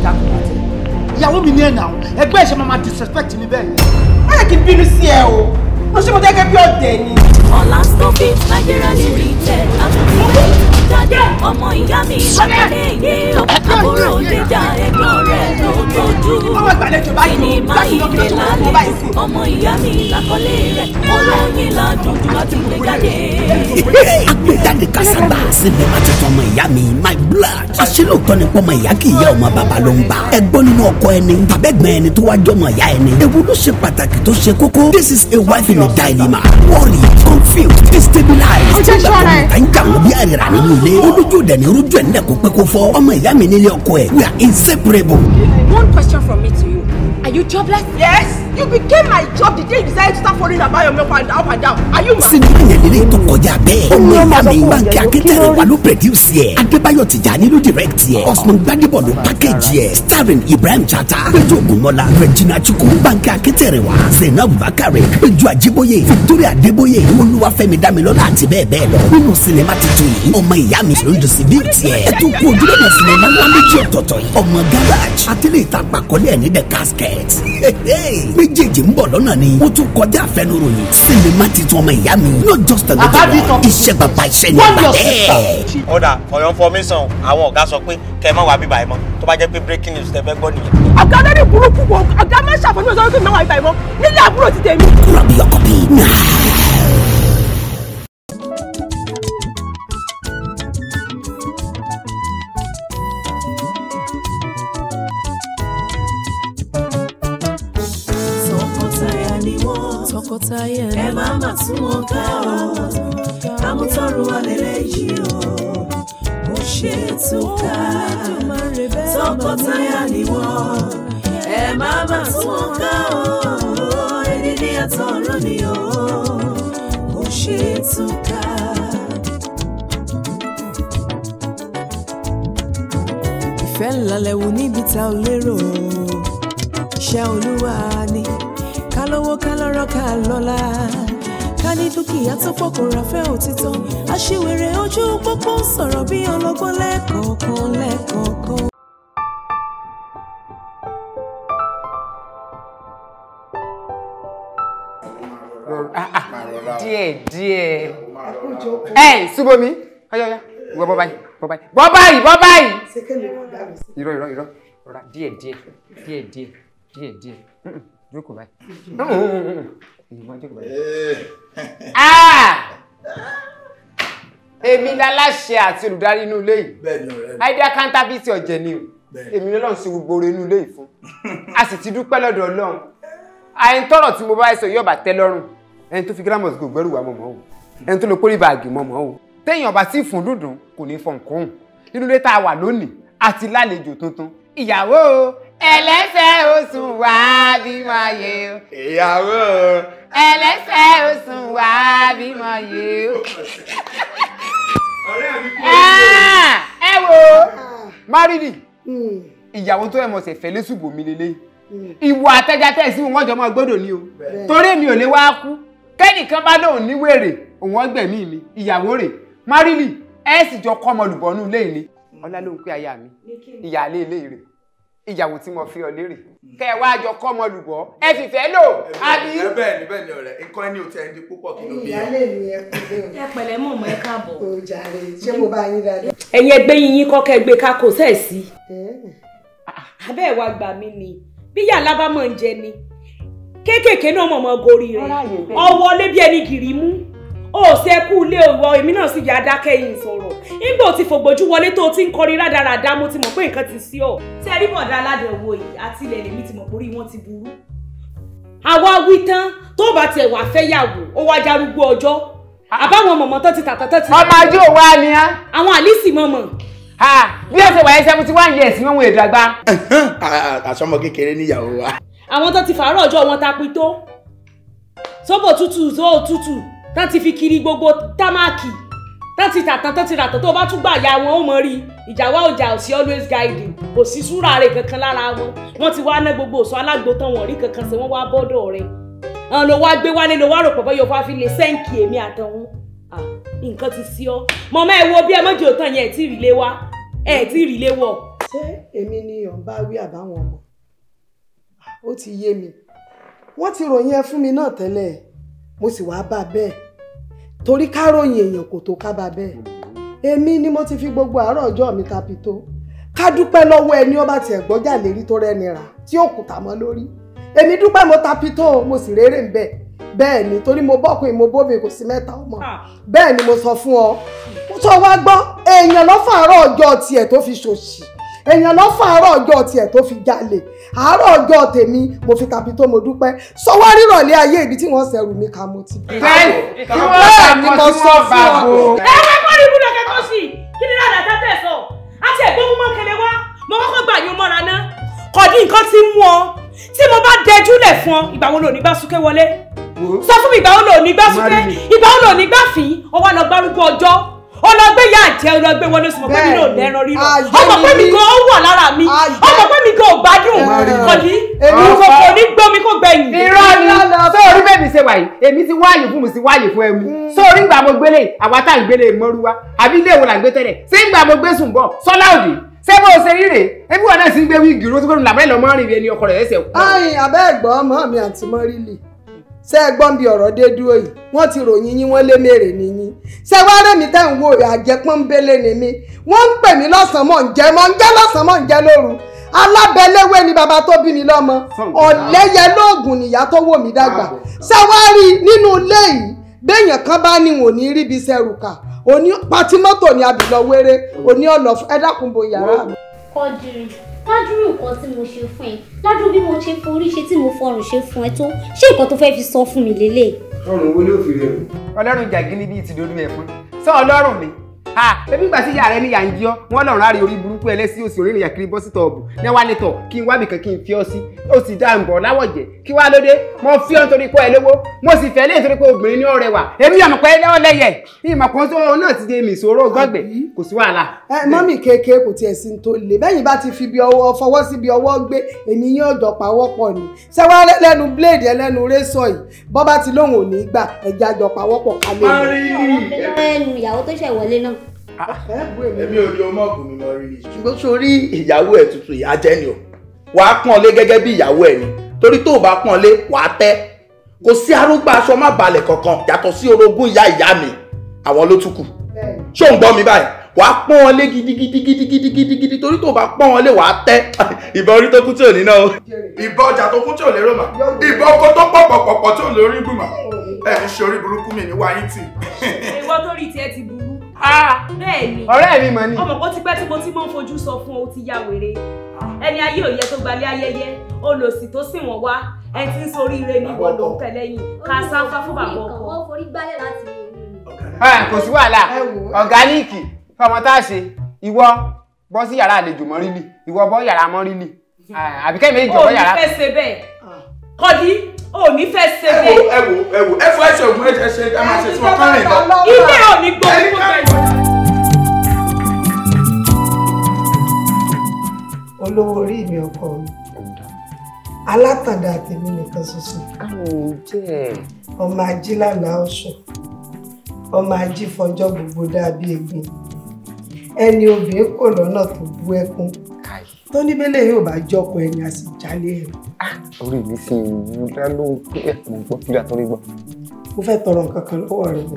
dákun láti ìyàwó mi ní ẹ̀nà ẹgbẹ́ ẹ̀ṣẹ̀ máa ma disrespect mi bẹ́ẹ̀ yẹn. má lè kí n bínú sí ẹ o mo ṣe mo jẹ́ bí ọ̀dẹ̀ ni. ọ̀la stop it Nigeria limited àtúntò dádé ọmọ ìyá mi lọ́kọ́lé yìí àbúrò jíjà ẹ̀gbọ́n rẹ̀ ló tójú. kíni máa yí lè lálẹ́ ọmọ ìyá mi lọ́kọ́lé rẹ̀ ọ̀rọ̀ yín ládùn jù láti gbé jáde. agbèjáde káságbà síbi má ti tọmọ ìyá mi my blood. àṣìlóòtọ́ ni pọ́mọ ìyá kì í yá ọmọ bàbá ló ń bá. ẹ̀gbọ́n nínú ọkọ ẹni tàbẹ́gbẹ́ ẹni tó wá jọmọ ìyá ẹni. ewu ló ṣe pàtàkì tó ṣe kókó. this is a wife in a dilemma worried confused destabilized. ọjọ́ ìṣọ́ra ẹ̀ ilé olójú ò dẹ̀ni rújú ẹ̀ nílẹ̀ kó pé kó fọ́ ọmọ ìyá mi nílé ọkọ ẹ̀ we are inseparable. one question from me to you are you jobless. yes you became my job the day you decided to start following Abayomi up and up and down are you mad. sinimá yẹn lélẹ́yìn tó kọjá bẹ́ẹ̀ ó ní ọmọ mi báńkì akẹ́tẹ̀rẹ̀ wà ló pẹ̀díùsì ẹ̀ adébáyọ̀ tìjàní ló dìrẹ́kìtì ẹ̀ osman gbadebo ló pákéjì ẹ̀ starring ibrahim chata péjú ògúnmọ́lá regina chukwu báńkì akẹ́tẹ̀rẹ̀ wà zainab bakare péjú ajíbóyè victoria adébóyè olúwafẹ́mi damilọ́lá àti bẹ́ẹ̀ bẹ́ẹ̀ lọ nínú sinimá tuntun yìí ọmọ ìyá mi ló ń dùn casket méjèèjì ń bọ̀ lọ́nà ni ó tún kọjá àfẹnuròyìn sinimá titun ọmọ ìyá mi not just a good one iṣẹ́ bàbá iṣẹ́ ni bàbá. ọ̀dà for your information àwọn ọ̀gá sọ pé kẹ́ ẹ má wá bíbá ẹ mọ́ tó bá jẹ́ pé breaking news tẹ́ fẹ́ gbọ́ nìyẹn. ọ̀gá lórí burúkú ọ̀gá má ṣàfọ̀nù ọ̀sán wípé mẹ́wàá ibà ìmọ̀ nílé àbúrò ti tẹ̀ mí. tá ò lérò iṣẹ́ olúwa ni ká lówó ká lọ́rọ̀ ká lọ́lá ká ní dúkìá tó pọ̀ kó ra òtítọ́ aṣíwèrè ojú pópó sọ̀rọ̀ bí ọlọ́gbọ́n lẹ́ẹ̀kọ̀ọ̀kan lẹ́ẹ̀kọ̀ọ̀kan. Ah, ah. díẹ̀ díẹ̀ ẹ̀ súbomi. mi sí. irọ́ irọ́ irọ́ rọra díẹ̀ díẹ̀ díẹ̀ díẹ̀ díẹ̀ díẹ̀ jókòó báyìí. èyí máa jókòó báyìí. Eh. Ah! èmi láláṣẹ àti olùdarí inú ilé yìí aida kantabisi ọ̀jẹ̀ ni o èmi lọ́lọ́run ṣe gbogbo oore inú ilé yìí fún a sì ti dúpẹ́ lọ́dọ̀ ọlọ́run àyìn tọrọ tí mo bá sọ yóò bá tẹ́ lọ́rùn ẹni tó fi gírámọ̀sì kò gbẹ́rù wá mọ̀mọ́ o ẹni tó lọ kórìí báàgì mọ̀mọ́ o téèyàn bá sì fún dùndùn kò ní fọ̀nkún nínú ilé tá a wà lónìí àti lálejò tuntun ìyàwó ẹlẹ́sẹ̀ osùn wá bímọ yé o. ìyàwó ẹlẹ́sẹ̀ osùn wá bímọ yé o. ọ̀rẹ́ mi kú ẹ. Ah, ẹ wo márìlì hmm. ìyàwó tó ẹ mọ̀ ṣẹ̀fẹ̀ lẹ́sùbò mi lélẹ́yìí hmm. ìwọ àtẹjátẹ sí wọn jọmọ gbọ́dọ̀ ni o torí èmi ò lè wá kú kẹ́nìkan bá lóun ní wèrè òun ọgbẹ̀mí mi ìyàwó rẹ̀ Marílì ẹ sì jọ kọ́ ọmọlùbọ́nú lẹ́yìn ni ọlálóhùn pé aya mi ìyáálé ilé rè ìyàwó tí mo fi ọ lérè hmm. kẹ ẹ wáá jọ kọ ọmọ lùbọ ẹ sì fẹ́ lò àbí. ẹ bẹ́ẹ̀ ni bẹ́ẹ̀ ni ọ̀rẹ́ nǹkan ẹni ò tẹ ẹni púpọ̀ kí ló bí i. ìyáálé mi ẹ kúlẹ̀ o. ẹ pẹ̀lẹ́ mọ̀ mọ́ ẹ káàbọ̀. o jàre ṣé mo bá yín dáadáa. ẹ̀yin ẹgbẹ́ yín yín kọ́kẹ́ gbé kákò sẹ́ẹ̀sì. abẹ́ ẹ̀ wá gbà mí ni bí yàrá bá mọ̀ ń jẹ ni kéékèèké náà mọ̀ mọ́ gorí rẹ̀ ọwọ́ lé bí ẹni gìrì mú o ò ṣe kú ilé ìwọ èmi náà sì yà dákẹ́yìn sọ̀rọ̀ nígbà tí fògbójú wọlé tó ti ń kọrin rádaràdá mo ti mọ̀ pé nǹkan ti sí ọ. tẹ rí bọ̀dá aládẹ owó yìí àti ilẹ̀ lèmi ti mọ̀ pé orí wọn ti burú. àwa wí tán tó bá tiẹ̀ wà fẹ́ yàwó ó wá jarúgbó ọjọ́ àbáwọn mọ̀mọ́ tó ti tàtàtà ti. ọmọ ajé òwò àníyá. àwọn àlísì mọ̀mọ́. bí ó ṣe wà ẹ́ seventy one years ni wọ́n èdè àgbà. àsọmọ kékeré níyàwó wa. àwọn tó ti fàárọ̀ ọjọ́ wọn tapitó sóbò tútù sóò tútù tán ti fi kiri gbogbo támákì tán ti tàtàn tán ti ràtàn tó o bá tún gbà ya wọn ó mọ rí ìjà wa ọjà ò sí always guiding kò sí súra rẹ kankan lára wọn wọn ti wá ná gbogbo òsán alágbó tán wọn rí kankan sí wọn wá bọ́dọ̀ rẹ àwọn ló wá gbé wálé ló wá rò pọ̀ bọ́yọ̀ fáfi lè sẹ́ǹkì èmi àtọ̀hún nǹkan ti sí ọ mọ̀mọ́ ẹ wo bí ẹ mọ́jì òtàn yẹn ẹ̀ tí ì rí lé wá ẹ̀ tí ì rí lé wọ̀. ṣé èmi ni ọ̀nba wí àbáwọn ọmọ ó ti yé mi wọ́n ti ròyìn ẹ fún mi náà tẹ́lẹ̀ mo sì wá bá bẹ́ẹ̀ torí káròyìn èèyàn kò tó ká bá bẹ́ẹ̀ èmi ni mo ti fi gbogbo àárọ̀ ọjọ́ mi ta fi tó ká dúpẹ́ lọ́wọ́ ẹni ọba tiẹ̀ gbọ́jà lérí tó rẹ́ni rà tí òkúta mọ́ lórí èmi dúpẹ́ mo ta fi tó mo sì rérè ń bẹ̀ bẹ́ẹ̀ ni torí mo bọ́kùn mo bóbi kò sí mẹ́ta ọmọ ah. bẹ́ẹ̀ ni mo sọ fún ọ sọ wá gbọ́ èèyàn lọ́fàárọ̀ ọjọ́ tiẹ̀ tó fi ṣòṣì èèyàn lọ fún àárọ̀ ọjọ́ tiẹ̀ tó fi jalè àárọ̀ ọjọ́ tèmi mo fi tàbí tó mo dúpẹ́ sọwọ́ rírọ̀lẹ́ ayé ibi tí wọ́n sẹ̀rù mi kà mo ti dé. bẹ́ẹ̀ni kí wọ́n bá kọ́ sí wọ́n bá bò. ẹ wá kọ́ ní ibùdó kẹ́kọ̀ọ́ sí i kí ni lára tá tẹ̀ sọ àti ẹ̀gbọ́n mú mọ́kẹ́lẹ́ wá mo kọ́kọ́ gbà yín mọ́ra ná kò dín nǹkan tí mú ọ tí mo bá dẹjúlẹ̀ fún ọ ìgbà wo lò ní bá súnkẹ́ wọlé sọ fún mi ìgbà wo lò ní bá súnkẹ́ ìgbà wo lò ní bá fín ọwọ́ àná gbárùkù ọjọ́ ọlọgbẹ yà jẹ ọlọgbẹ wọlé sọ pé mi náà lẹran rírọ ọmọ pé mi gan ó wà lára mi ọmọ pé mi gan ò gbádùn kọlí ìrùkọ kò ní gbọmi kó gbẹ̀yìn. irọ́ ni sóòrí bèbí ṣe wàyí èmi ti wáyè fún mi ti wáyè fún ẹmu sóòrí mm. ìgbà mo gbélé àwa tá à ń gbélé mọ́rúwá àbí ilé ìwòlà ń gbé tẹ́lẹ̀ ṣé ìgbà mo gbé sùn bọ̀ sọ́lá òdì ṣé bó ṣe rí rèé ẹbí wọn náà sì ń gbé wíìgì ró tó kọ́ làbẹ́lẹ̀ ọmọ rìn rẹ ni ọkọ rẹ̀ ẹsẹ̀ kú. ayin abẹ́ ẹ̀gbọ́n mọ́ mi àti mọ́rílì ṣé ẹ gbọ́n bí ọ̀rọ̀ dé dúró yìí wọ́n ti ròyìn yín wọ́n lé mèrè nìyí ṣé wá rẹ́mi tẹ́ ń wo àjẹpọ́nbélé ni mí wọ́n ń pè mí lọ́sàn-án mọ̀ ń jẹ́ mọ̀ ń jẹ́ lọ́sàn-án mọ̀ ń jẹ́ lóru ni bàbá tó bí mi lọ́mọ ọ̀lẹ́yẹ lóògùn nìyá tó wò mí kan bá wọn ní ni wéré ládùúrú nǹkan tí mo ṣe fún ẹ ládùúrú bí mo ṣe forí ṣe tí mo fọrùn ṣe fún ẹ tó ṣé nǹkan tó fẹ́ẹ́ fi sọ fún mi lélẹ̀. ọrùn wo ló fi rẹ o. ọlọ́run jàgínní bíi ti dolú ẹ̀fọn sọ ọlọ́run ni ha ebi gbà sí ìyá rẹ níyà ń jí ọ wọn lọ rárí orí burúkú ẹlẹ́sìn òsì orí ìrìnyà kiri bọ́ sí tọ̀ọ̀bù ní wàá ní tọ̀ kí n wá bìkan kí n fi ọ sí ó sì dá ǹbọ̀ láwọ̀jẹ̀ kí wàá lóde mo fi ọ nítorí pé ẹ lówó mo sì fẹ́ lé nítorí pé obìnrin ní ọ̀rẹ́ wa èmi yàmọ̀ pé ẹ lẹ́yẹ ìmọ̀ kan tó náà ti di mi ìṣòro gọ́gbẹ̀ kò sí wàhálà. ẹ mọ́mì kéèké kò tiẹ̀ sí tó le bẹ́yìn bá ti fi bí ọwọ́ fọwọ́ sí bí ọwọ́ gbé èmi yín ọ̀dọ̀ pawọ́pọ̀ ni ṣé wàá lẹ́nu bíléèdì ẹlẹ́nu rẹ́sọ̀ yìí bọ́ bá ti lóhùn ò ní gbà ẹ̀jẹ̀ àjọ pawọ́pọ̀ kálẹ̀. ọ̀rẹ́ mi ìyàwó tó ṣẹ̀ wọlé náà Ah. èmi ò ní ọmọ ọ̀gùn mi mọ rírì. ṣùgbọ́n sórí ìyàwó ẹ̀ tuntun ìyá jẹ́ ni o wàá pọ́n lé gẹ́gẹ́ bí ìyàwó ẹ̀ ni torí tó o bá pọ́n lé wàá tẹ́ kò sí arúgbó aṣọ má balẹ̀ kankan yàtọ̀ sí orogún ìyá ìyá mi àwọn ló tún kù ṣó ń gbọ́ mi báyìí wàá pọ́n wọn lé gidigidigidigidigidi torí tó o bá pọ́n wọn lé wàá tẹ́ ìbọn orí tó kú tí ò ní náà o. ìbọn ọjà tó kú tí ò lérò mà ìbọn oko tó pọ̀ pọ̀pọ̀pọ̀ tí ò lórí gbùmọ̀ ẹ̀ ń ṣe orí burúkú mi ní Ah! bẹ́ẹ̀ni ọ̀rẹ́ mi mọ̀ ni ọmọ kó ti pẹ́ tí mo ti mọ́ ń fojú sọ fún ọ ti ya wèrè ah. ẹni ayé òye tó gbalẹ̀ ayẹyẹ olòṣì tó sì wọ́n wá ẹ ti ń sorí ire ní ìwọ ló ń tẹ̀lé yìí ká sáfá fún bàbá ọkọ. Eh, kò sí wàhálà ọ̀gáníìkì fọmọ tá a ṣe ìwọ bọ́ sí yàrá àlejò mọ́rílì ìwọ bọ́ yàrá mọ́rílì ah, àbíkẹ́ mi ìjọba yàrá. o ní fẹ́ ṣe bẹ́ẹ̀ kọ́dí o ní fẹ́ ṣe é ẹ wo ẹ wo ẹ fọ ẹsẹ ògùn ẹ ṣe ẹ máa ṣe tí wọn kán rìn lọ. ilé ò ní gbọ́ kó fẹ́. olówó orí mi ọkọ mi alátàndá àtẹ̀mí nìkan ṣoṣo. ọmọ ají lánàá ọ̀ṣọ́ ọmọ ají fọjọ́ gbogbo dàbí egbin ẹni obìnrin kò lọ́nà tó bú ẹkún tó ní bẹ́lẹ̀ yóò bá jọkọ̀ ẹ̀yìn àti ìjálé ẹ̀. Ah, orí mi ti mú dá lóhùn pé ẹ̀kún gbọ́ kí lóò torí gbọ́. mo fẹ́ tọrọ nǹkan kan lọ́wọ́ rẹ wò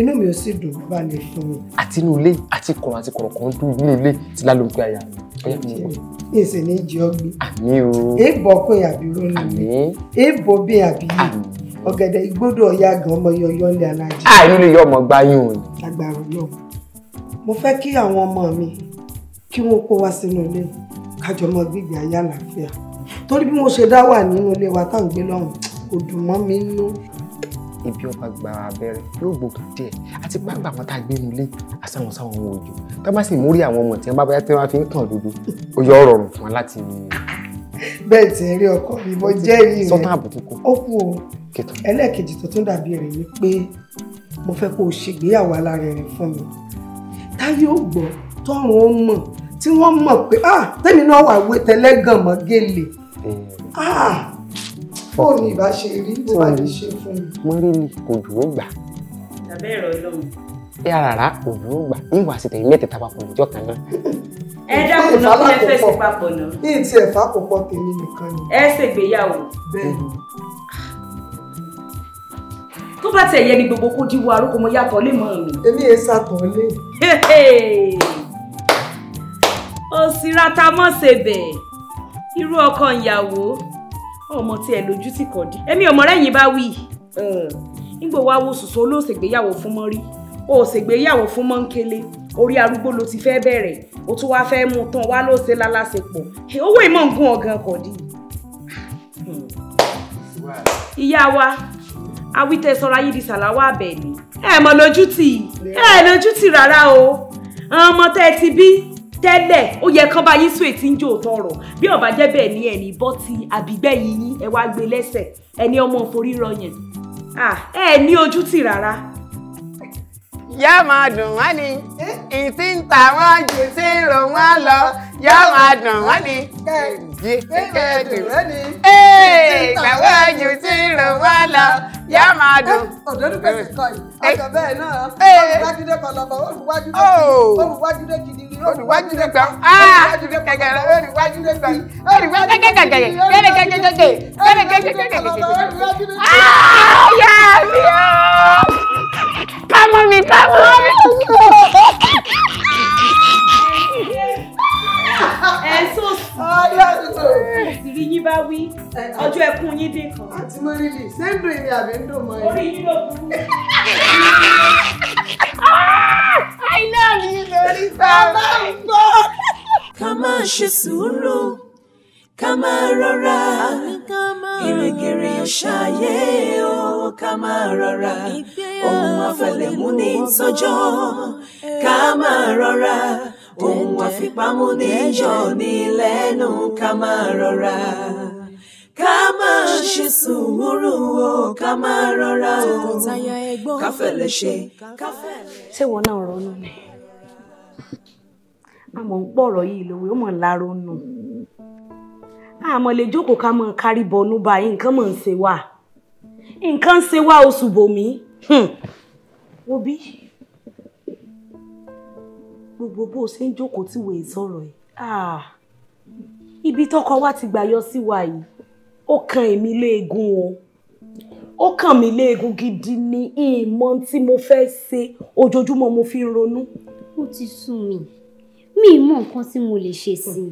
inú mi ò sì dùn bá lè fún mi. àti inú ilé àti kọ̀rọ̀ àti kọ̀rọ̀ kan dùn inú ilé ti lálẹ́ òkú àyà mi. èsì ní ìjì ọgbìn. àmì o. èèbọ̀ pé àbí rónú. àmì. èèbọ̀ bí àbí. àmì. ọ̀gẹ̀dẹ̀ igbódò ọ̀yá gan ọmọ yọyọ́ ní alájí. àìní ah, lè yọ ọmọ gbáyún o. agbára náà mo fẹ́ kí àwọn ọmọ mi kí wọ́n kó wá sínú ilé kájọ mọ gbígbé ayé àlàáfíà torí bí mo ṣe dá wà nínú ilé wa táwọn gbé lọ́hùn kò dùn mọ́ mi nú. ibi ọba gba abẹ́rẹ́ yóò gbòkè díẹ̀ àti gbàgbà àwọn tá a gbé nu ilé àsáwọn sáwọn ohun òjò tá bá sì mórí àwọn ọmọ tí wọn bá bá tí wọn fi ń tàn lójú ó yọ ọ̀rọ̀ rùn fún wọn láti. bẹ́ẹ̀ tí ń rí ọkọ mi mo jẹ́rìí rẹ̀ sọ́tàn àbùkù ó kù o ẹlẹ́ẹ̀kejì tó tún dàbí rẹ̀ ni pé mo fẹ́ kó o ṣègbéyàwó alárinrin fún mi táyé ò gbọ́ tọ́run ó mọ̀ tí wọ́n mọ̀ pé ah tẹ́mi náà wà wé tẹ́lẹ́gàn mọ́ gèlè mm. ah fóònù ìbá ṣe rí tó bá lè ṣe fún mi. mo rí ni kò dúró gbà. tàbí ẹ̀rọ ọlọ́run. ẹ rárá kò dúró gbà níwà sí tẹ̀yìn mẹ́tẹ̀ẹ̀ta papọ̀ lọ́jọ́ kan náà. ẹ dákun náà kí ẹ fẹ́ sí papọ̀ náà. ní ti ẹ̀fà kò pọ̀ tèmi nìkan ni. ẹ ṣègbéyàwó. bẹ́ẹ̀ ni tó bá tẹ̀yẹ ni gbogbo kó díwọ arúgbó mo yàtọ̀ lé mọ́ mi. èmi yẹn sàtọ̀ lé òsínra ta mọ́ ṣe bẹ́ẹ̀ irú ọkọ ìyàwó ọmọ tí ẹ lójú tì kọ́ di èmi ọmọ rẹ́yìn bá wí nígbà wa wo sòsò ló ṣègbéyàwó fún mọ́rí o ṣègbéyàwó fún mọ́ńkélé orí arúgbó ló ti fẹ́ bẹ̀rẹ̀ o tún wá fẹ́ mú tán wá ló ṣe lálásepọ̀ owó ìmọ̀ ń gún ọ̀gán kọ̀ dí. ìyá wa awítẹ sọra yìí di sàláwà ni. ẹ mọ̀ lójú tì ẹ lójú tì rárá o ọmọ tẹ́ ẹ ti bí tẹ́lẹ̀ ó yẹ kán bá yín sùn ètí ń jò tọrọ bí ọba jẹ́ ni ẹ̀ní bọ́ ti àbígbẹ̀yìn yín ẹ wá gbé lẹ́sẹ̀ ẹni ọmọ forí rọ yẹn ẹ ní ojú tì rárá. ìyá máa dùn wá ni ìtì ń tà wọ́n jù sí ìrò wọn lọ yọ máa dùn wọ́n ni kẹ́ẹ̀dì ee ìgbàgbọ́ ju tí rò wá lọ yọ máa dùn. òdòdó pèsè kọ yìí ọjọ́ bẹ́ẹ̀ náà olùwájúdé kan lọmọ olùwájúdé olùwájúdé gidi olùwájúdé kan olùwájúdé kan olùwájúdé kan olùwájúdé kan gẹgẹ gẹgẹ gẹgẹ gẹgẹ gẹgẹ gẹgẹ gẹgẹ gẹgẹ. ayé mi ooo kámọ́ mi kámọ́ mi ẹ so sùn. ọyọ tuntun. ìrírí bá wí ọjọ́ ẹkún yín dín kan. àti mo rí li ṣé ń àbí ń dùn mọ́ ẹ. orí yín ló burú. àìná mi lórí bàbá ń bọ̀. ká máa ṣe sùúrù ká máa rọra gírígírí ṣayé o ká máa rọra ohun àfẹlẹ̀mú ní tọ́jọ́ ká máa rọra ohun àfipámú ní yọ ní lẹ́nu ká máa rọra ká máa ṣe sùúrù o ká máa rọra o ká fẹ̀lẹ̀ ṣe ṣé ìwọ náà ronú ni a mọ̀ ń gbọ́rọ̀ yìí lówó ó mọ̀ ń láronú àmọ́ lè jókòó ká mọ̀ kárí bọnú báyìí nǹkan mọ̀ ń ṣe wá nǹkan ń ṣe wá oṣù bòmí òbí. Hmm gbogbo bó ṣe ń jókòó tí wèé sọ̀rọ̀ ẹ̀ ah, ibi tọkọ wa ti gbà yọ sí wa yìí ó kan èmi léegun o ó kàn mí léegun gidi ni ìmọ̀ tí mo fẹ́ ṣe ojoojúmọ́ mo fi ń ronú. ó ti sún mi mi mọ nǹkan tí mo lè ṣe sí i.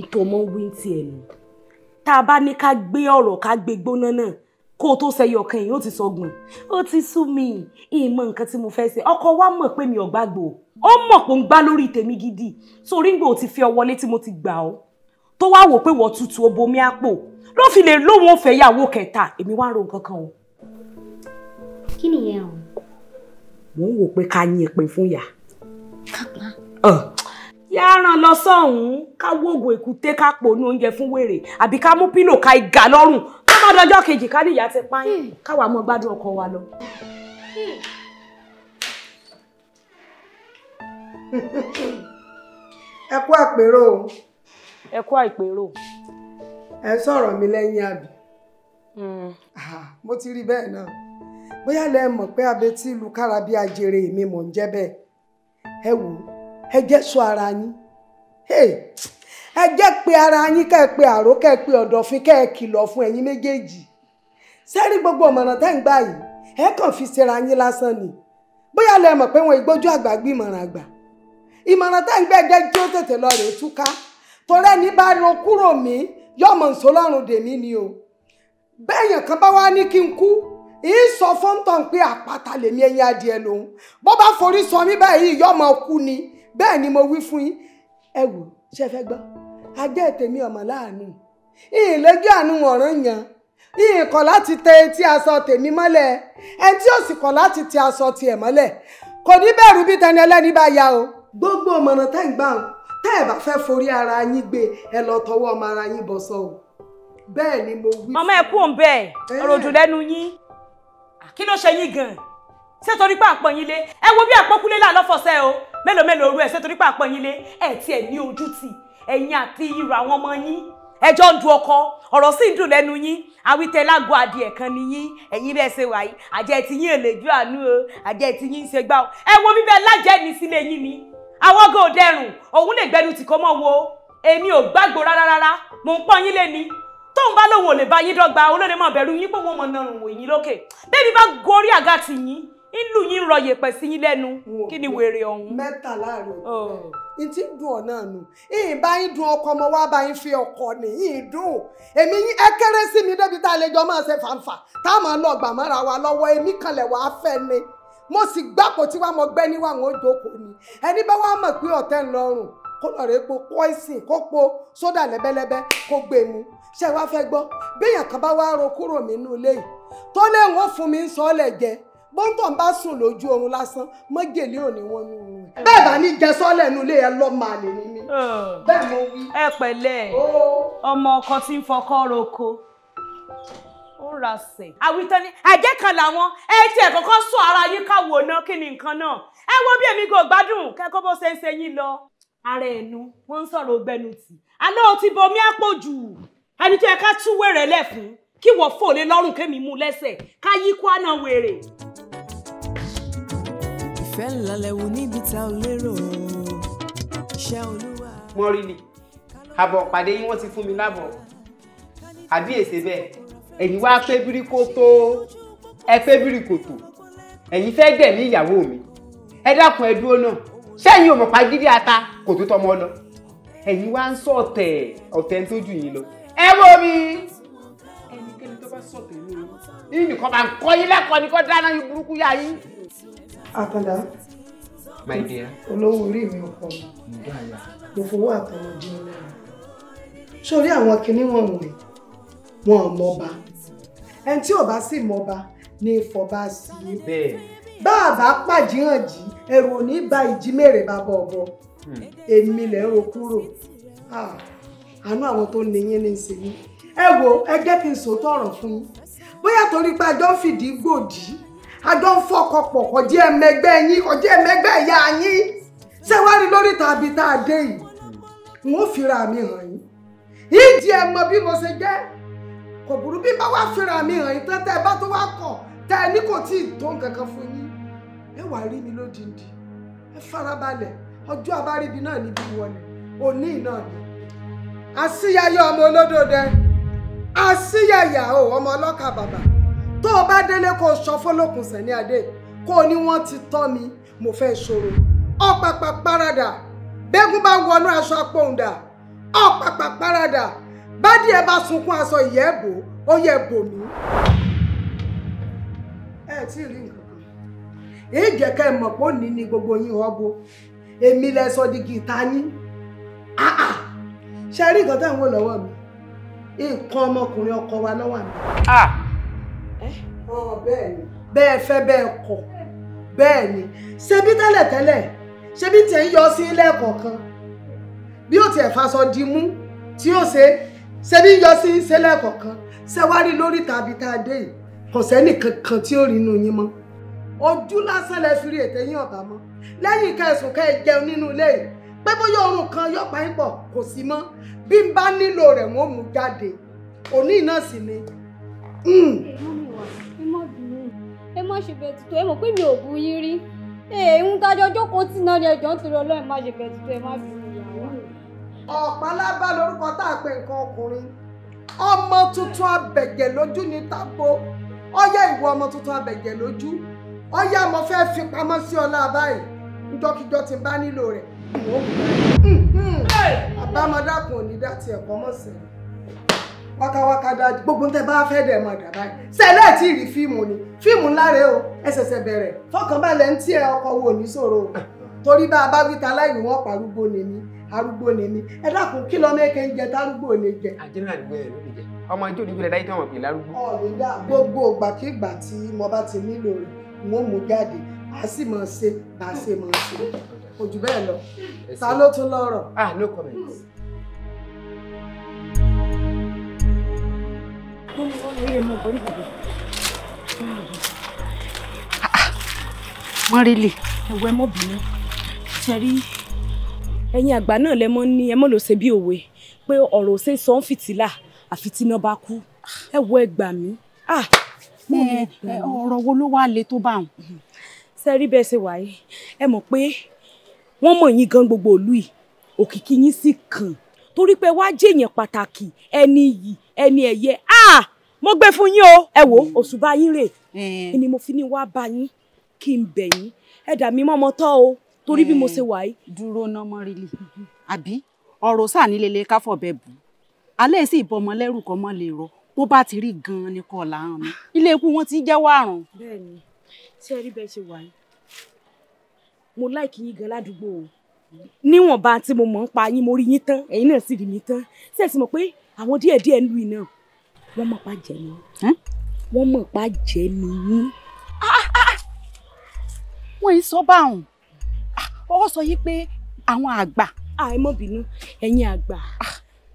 ìtò ọmọ wí ti ẹ̀ nù tá a bá ní ká gbé ọ̀rọ̀ ká gbé gbóná náà kó o tó sẹyọ ọkàn yìí ó ti sọgùn ó ti sú mi ìmọ̀ nǹkan tí mo fẹ́ ṣe ọkọ wa mọ̀ pé mi ò gbàgbọ́ ó mọ̀ pé ń gbá lórí tèmi gidi sórí ń gbò ó ti fi ọ wọlé tí mo ti gbà ọ́ tó wá wò pé wọ́n tutù obomi àpò ló fi lè lóun ó fẹ́ yàwó kẹta èmi wá ń ro nǹkan kan o. kí nìyẹn o. mò ń wò pé ká yín ẹpin fún yà. yà á ràn lọ sọ́hún ká wóògùn èkúté ká pòónú oúnjẹ fún wèrè àbí ká mú pílò ká ìgà dọjọ́ kejì ká níyà ti páyín hmm. káwa mọ gbádùn ọkọ wa lọ. Hmm. ẹ kú àpérò. ẹ kú àpérò. ẹ sọ̀rọ̀ mi lẹ́yìn àbí. Hmm. mo ti rí bẹ́ẹ̀ náà bóyá lẹ mọ̀ pé abetí ìlú kára bí ajere mi mò ń jẹ́ bẹ́ẹ̀ ẹ wò ó ẹ jẹ́ sọ ara yín. Hey! ẹ jẹ́ pé ara yín kẹ́ ẹ pé àró kẹ́ ẹ pé ọ̀dọ̀fin kẹ́ ẹ kìlọ̀ fún ẹ̀yin méjèèjì sẹ́rí gbogbo ọ̀mọ̀ràn tẹ́ ń gbà yìí ẹ kàn fi ṣera yín lásán ni bóyá lẹ mọ̀ pé wọn ìgbójú àgbà gbé ìmọ̀ràn àgbà ìmọ̀ràn tẹ́ ń gbẹ́ jẹ́ jó tètè lọ rèé túká torí ẹni bá ran kúrò mí yọmọ nsọ lọ́rùn dèmí ni o bẹ́ẹ̀yàn kan bá wá ní kí n kú ìsọ fọ́ńtàn pé àpáta lèmi ẹyin adìẹ lòun bó bá forí sọ mí báyìí yọmọ kú ni bẹ́ẹ̀ ni mo wí fún yín ẹ wò ṣe fẹ́ gbọ́ ajẹ́ tèmi ọmọ láàánú ìlẹ́jọ́ àánú ọ̀ràn yàn ìkọ̀ láti tẹ etí aṣọ tèmi mọ́lẹ̀ ẹni tí ó sì kọ̀ láti tẹ aṣọ tiẹ̀ mọ́lẹ̀ kò ní bẹ̀rù bí tani ẹlẹ́ni bá ya o. gbogbo ọmọràn tẹ́ ń gbà ń tẹ́ ẹ̀ bá fẹ́ forí ara yín gbé ẹ lọ tọwọ́ ọmọ ara yín bọ̀ sọ o bẹ́ẹ̀ ni mo wí. màmá ẹ kú òun bẹ́ẹ̀ ọ̀rọ̀ òdùn lẹ́nu yín kí ló ṣe yín gan-an ṣé torí pé àpọ̀ yín lé ẹ wo bí àpọ́kúlé là lọ́fọ̀ọ́sẹ́ o mélòó mélòó ru ẹ̀ ṣé torí pé àpọ̀ yín lé ẹ̀ tiẹ̀ ní ojú tì í ẹ̀yin àti irú àwọn ọmọ yín ẹjọ́ ń du ọkọ ọ̀rọ̀ sì ń dùn lẹ́nu yín awítẹ́ lágọ̀ọ́ adìẹ kan ni yín ẹ̀yin bẹ́ẹ̀ ṣe wáyé àjẹ́ ti yín èlèjú àánú o àjẹ́ ti yín ṣe gbá o ẹ wo bíbẹ́ lájẹ́ mi sílé yín ni àwọn gò dẹrùn òun lè gbẹnu tì kó mọ́ wo èmi ò gbàgbó rárá rárá mò ń pọ́n yín lé ni tóun bá lòun ò lè bá yín dọ́gba olóde mọ̀ bẹ̀rù yín pé wọ́n mọ̀ nàrùn wò lókè bẹ́ẹ̀ bí bá gorí àga tì yín ìlú yín rọ yèpẹ̀ sí yín lẹ́nu kí ni wèrè ọ̀hún. mẹ́ta láàrin òkú oh. n dùn ọ náà nù yìnyín bá yín ọkọ ọmọ wa bá fi ọkọ ni dùn èmi yín ẹ kéré sí mi débi tá a lè jọ máa ṣe fàǹfà wa lọ́wọ́ èmi kanlẹ̀ wàá fẹ́ ni mo sì tí wàá mọ gbẹ́ ní wàá wọn jókòó ni ẹni bá wàá mọ̀ pé ń kó lọ rè po bọ́ńtọ̀ ń bá sùn lójú oorun lásán mọ́jèlé ò ní wọ́n nù ú. bẹ́ẹ̀ bá ní jẹsọ́ lẹ́nu ilé ẹ lọ́mọ àlè ni mí. bẹ́ẹ̀ mo wí. ẹ pẹ̀lẹ́ ọmọ ọkọ tí ń fọkọ́ roko ó ń ra sẹ̀. àwítọ́ ni ẹ̀jẹ̀ kan làwọn ẹ tiẹ̀ kọ́kọ́ sọ ara yín káwo ná kí ni nǹkan náà ẹ wo bí èmi kò gbádùn kẹ́kọ́ bó ṣe ń ṣe yín lọ. ara ẹnu wọn ń sọ̀rọ̀ ọgbẹ́nu tì àná ò ti bomi àpòjù ẹni tó yẹ ká túwèrè lẹ̀ fún kí wọ́n fò lé lọ́rùn kémi mú lẹ́sẹ̀ ká yí kwana wèrè ìfẹ́ lálẹ́ wo níbi tá ò lérò ṣẹ́ olúwa. mo rí ni àbọ̀ pàdé yín wọ́n ti fún mi lábọ̀ àbí èsè bẹ́ẹ̀ ẹ̀yin wá pé bíríkó tó ẹ pé bíríkó tó ẹ̀yin fẹ́ gbẹ̀mí ìyàwó mi ẹ dákun ẹ dúró náà sẹ́yìn ò mọ̀ pa gidi ata kò tó tọmọ lọ ẹ̀yin wá ń sọ ọ̀tẹ̀ ọ̀tẹ̀ tó jù yín lọ ẹ wo mi ẹnikẹ́ni tó bá sọ̀tẹ̀ yín nìkan bá ń kọ́ yín lẹ́kọ̀ọ́ ni kò dáná yín burúkú yá yín àkàndá my dear olówó orí mi ò pọ̀ mo fowó àtọmọ di ọlọ́run sórí àwọn kinní wọn wọ̀nyí wọn ò mọba ẹni tí ò bá sì mọba ní ìfọba sí i bẹ́ẹ̀ bá a bá pàjíhànjì ẹrù ò ní ba ìjímèrè bàbá ọbọ hmm. èmi lè ro kúrò àánú àwọn tó nìyẹn ní í ṣe mí ẹ wo ẹ jẹ́ kí n sòótọ́ ọ̀rọ̀ fún yín bóyá torí pé a fìdí gbòdì àjọ ń fọkọ pọ̀ kọjá ẹ̀mẹ́gbẹ́ yín kọjá ẹ̀mẹ́gbẹ́ ìyá yín ṣé wàá rí lórí tàbí tá a dé yìí n ó fira mi hàn yín ìdí ẹ mọ bí mo ṣe jẹ́ kò burú bí bá wá fira mi hàn yín tán tẹ́ ẹ bá tó wá kọ̀ tẹ́ ẹ ní kò tí ì tó nǹkan kan fún yín ẹ wàá rí mi lódindi ẹ farabalẹ̀ ọjọ́ abáríbi náà níbi wọlé òní náà ni àṣìyàyà ọmọ olódòdẹ àṣìyàyà ọmọ ọlọ́kà bàbà tó o bá délé kó o sọ fọlọ́kùn sẹ́ni adé kó o ní wọ́n ti tọ́ mi mo fẹ́ ṣòro ọ̀pàpà paradà bẹ́gùn bá wọnú aṣọ apọ̀ǹdà ọ̀pàpà paradà bádìẹ bá sunkún aṣọ ìyẹ́ bò ó yẹ bò mí. ẹ tí ì rí nǹkan kan èyí jẹ́ ká ẹ mọ̀ pé ó ní ní gbogbo yín ọgbó èmi lẹ sọ di gìtá yín ṣe rí nǹkan tẹ̀ ń wò lọ́wọ́ mi nǹkan ọmọkùnrin ọkọ wa lọ́wọ́ mi. Ah, bẹ́ẹ̀ fẹ́ bẹ́ẹ̀ kọ̀ bẹ́ẹ̀ ni ṣebí tẹ́lẹ̀tẹ́lẹ̀ ṣebí tiẹ̀ ń yọ sí lẹ́ẹ̀kọ̀ọ̀kan bí ó tiẹ̀ faṣọ di mú tí ó ṣe ṣebí ń yọ sí ṣe lẹ́ẹ̀kọ̀ọ̀kan ṣẹ́wárí lórí tàbí tá a dé yìí kò sẹ́nì kankan tí ó rí inú yín mọ́ ojú lásán lẹ fi rí ètè yín ọ̀bà mọ́ lẹ́yìn kẹsùn kẹ́ ẹ jẹun nínú ilé yìí pé bóyá oorun kan yọ̀pá yín pọ̀ kò sí mọ́ bí n bá nílò rẹ̀ wọ́n mú jáde òní náà sì ni. Mm ẹ má ṣe bẹ́ẹ̀ tuntun ẹ mọ̀ pé mi ò bu yín rí ẹ̀hún tájọ jókòó tì náà ni ẹ̀jọ̀ ń torí ọlọ́run má ṣe bẹ́ẹ̀ tuntun ẹ má fi ìyàwó. ọ̀pálábá lórúkọ tá a pè nǹkan ọkùnrin ọmọ tuntun abẹ̀gẹ̀ lójú ni tábó ọyá ìwọ ọmọ tuntun abẹ̀gẹ̀ lójú ọyá mo fẹ́ fi pamọ́ sí ọlá báyìí ìjọkíjọ ti bá nílò wákàwákà dájú gbogbo tẹ bá fẹ́ dẹ̀ mọ̀ dàbá yìí sẹ́lẹ̀ tí ì rí fíìmù ni fíìmù ńláre o ẹ ṣẹ̀ṣẹ̀ bẹ̀rẹ̀ fọkànbalẹ̀ ń tiẹ̀ ọkọ wo ní ṣòro o torí bá a bá wíta láì wọ́n pa arúgbó ni mí arúgbó ni mí ẹ dákun kí lọ mẹ́kẹ́ ń jẹ tárúgbó ni jẹ. àjẹmílà ni bẹ́ẹ̀ ló lè jẹ ọmọ ijó níbi rẹ̀ dáyé tí wọ́n pè lárúgbó. ọ̀rẹ́dà gbogbo ìgbàkigbà tí mo bá ti nílò rẹ̀ mo mú jáde a sì mọ̀ ṣe bá a ṣe mọ̀ ṣe kò jù bẹ́ẹ̀ lọ ta ló tún lọ́rọ̀. ah no comments. wọ́n rí lè. ẹ̀wẹ̀ mọ́ bínú ṣe rí ẹ̀yin àgbà náà lẹ mọ́ ní ẹ mọ́ ló ṣe bí òwe pé ọ̀rọ̀ ṣe sọ ń fìtílà àfi tíná bá kú ẹ wọ ẹgbà mí. Eh, eh, ọ̀rọ̀ wo ló wá le tó bá wọn. Mhm. ṣe rí bẹ́ẹ̀ ṣe wáyé ẹ mọ̀ pé wọ́n mọ̀ yín gan gbogbo ìlú yìí òkìkí yín sì kàn torí pé wá jẹ́ èèyàn pàtàkì ẹni yìí ẹni ẹ̀yẹ ah mo gbé fún yín o ẹ wo mm. òṣùbà yín rè eh. ni mo fi ní wá bá yín kí n bẹ̀ yín ẹ̀dà mi mọ́ ọmọ tọ́ o torí bí mo eh. ṣe wà yìí. dúró ná mọ́rìlì àbí ọ̀rọ̀ sáà nílé lè káfọ̀ bẹ́ẹ̀ bù alẹ́ sì ìbọn ọmọ lẹ́rù kọ́ mọ́ lè rọ bó bá ti rí gan ni kò láàrùn mi ah. ilé ikú wọn ti jẹ́wọ́ àrùn. bẹ́ẹ̀ni ṣé rí bẹ́ẹ̀ ṣe wà yìí mo láìkí yín gan ládùúgbò o níwọ̀nba tí mo mọ̀ ń pa yín mo rí yín tán ẹ̀yin náà sì rí mi tán ṣe é sì mọ̀ pé àwọn díẹ̀ díẹ̀ ń lu iná wọ́n mọ̀ pa jẹ́ ni wọ́n mọ̀ pa jẹ́ ni yín. wọ́n yìí sọ báwọn ọwọ́ sọ yìí pé àwọn àgbà. ẹ mọ̀ bínú ẹ̀yin àgbà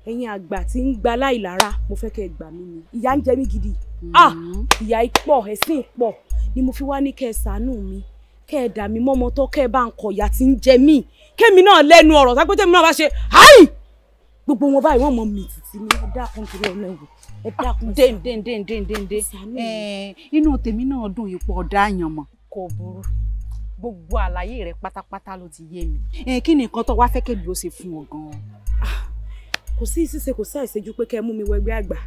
ẹ̀yin àgbà tí ń gba láìlára mo fẹ́ kẹ́ ẹ gbà mí ni ìyà ń jẹ mí gidi mm-hmm. ìyà ipò ẹ̀sìn pọ̀ ni mo fi wá ní kẹ́ ẹ ṣàánú mi kẹ́ ẹ dà mí mọ́mọ́ tó kẹ́ ẹ bá ń kọ̀ ìyà tí ń jẹ mí kémi náà lẹ́nu ọ̀rọ̀ tá pé tèmi náà bá ṣe háì gbogbo wọn báyìí wọ́n mọ mi títí ni ẹ dákun torí ọlọ́run ẹ dákun. dèndèndèndèndèndè inú tèmi náà dùn ipò ọ̀dà àyàn mọ̀. kò burú gbogbo àlàyé rẹ pátápátá ló ti yé mi kí ni nǹkan tó wá fẹ́ kébi ó ṣe fún ọ gan-an. Ah, kò sí ìṣiṣẹ́ kò sí àìṣejú pé kẹ́ ẹ mú mi wẹgbẹ́ àgbà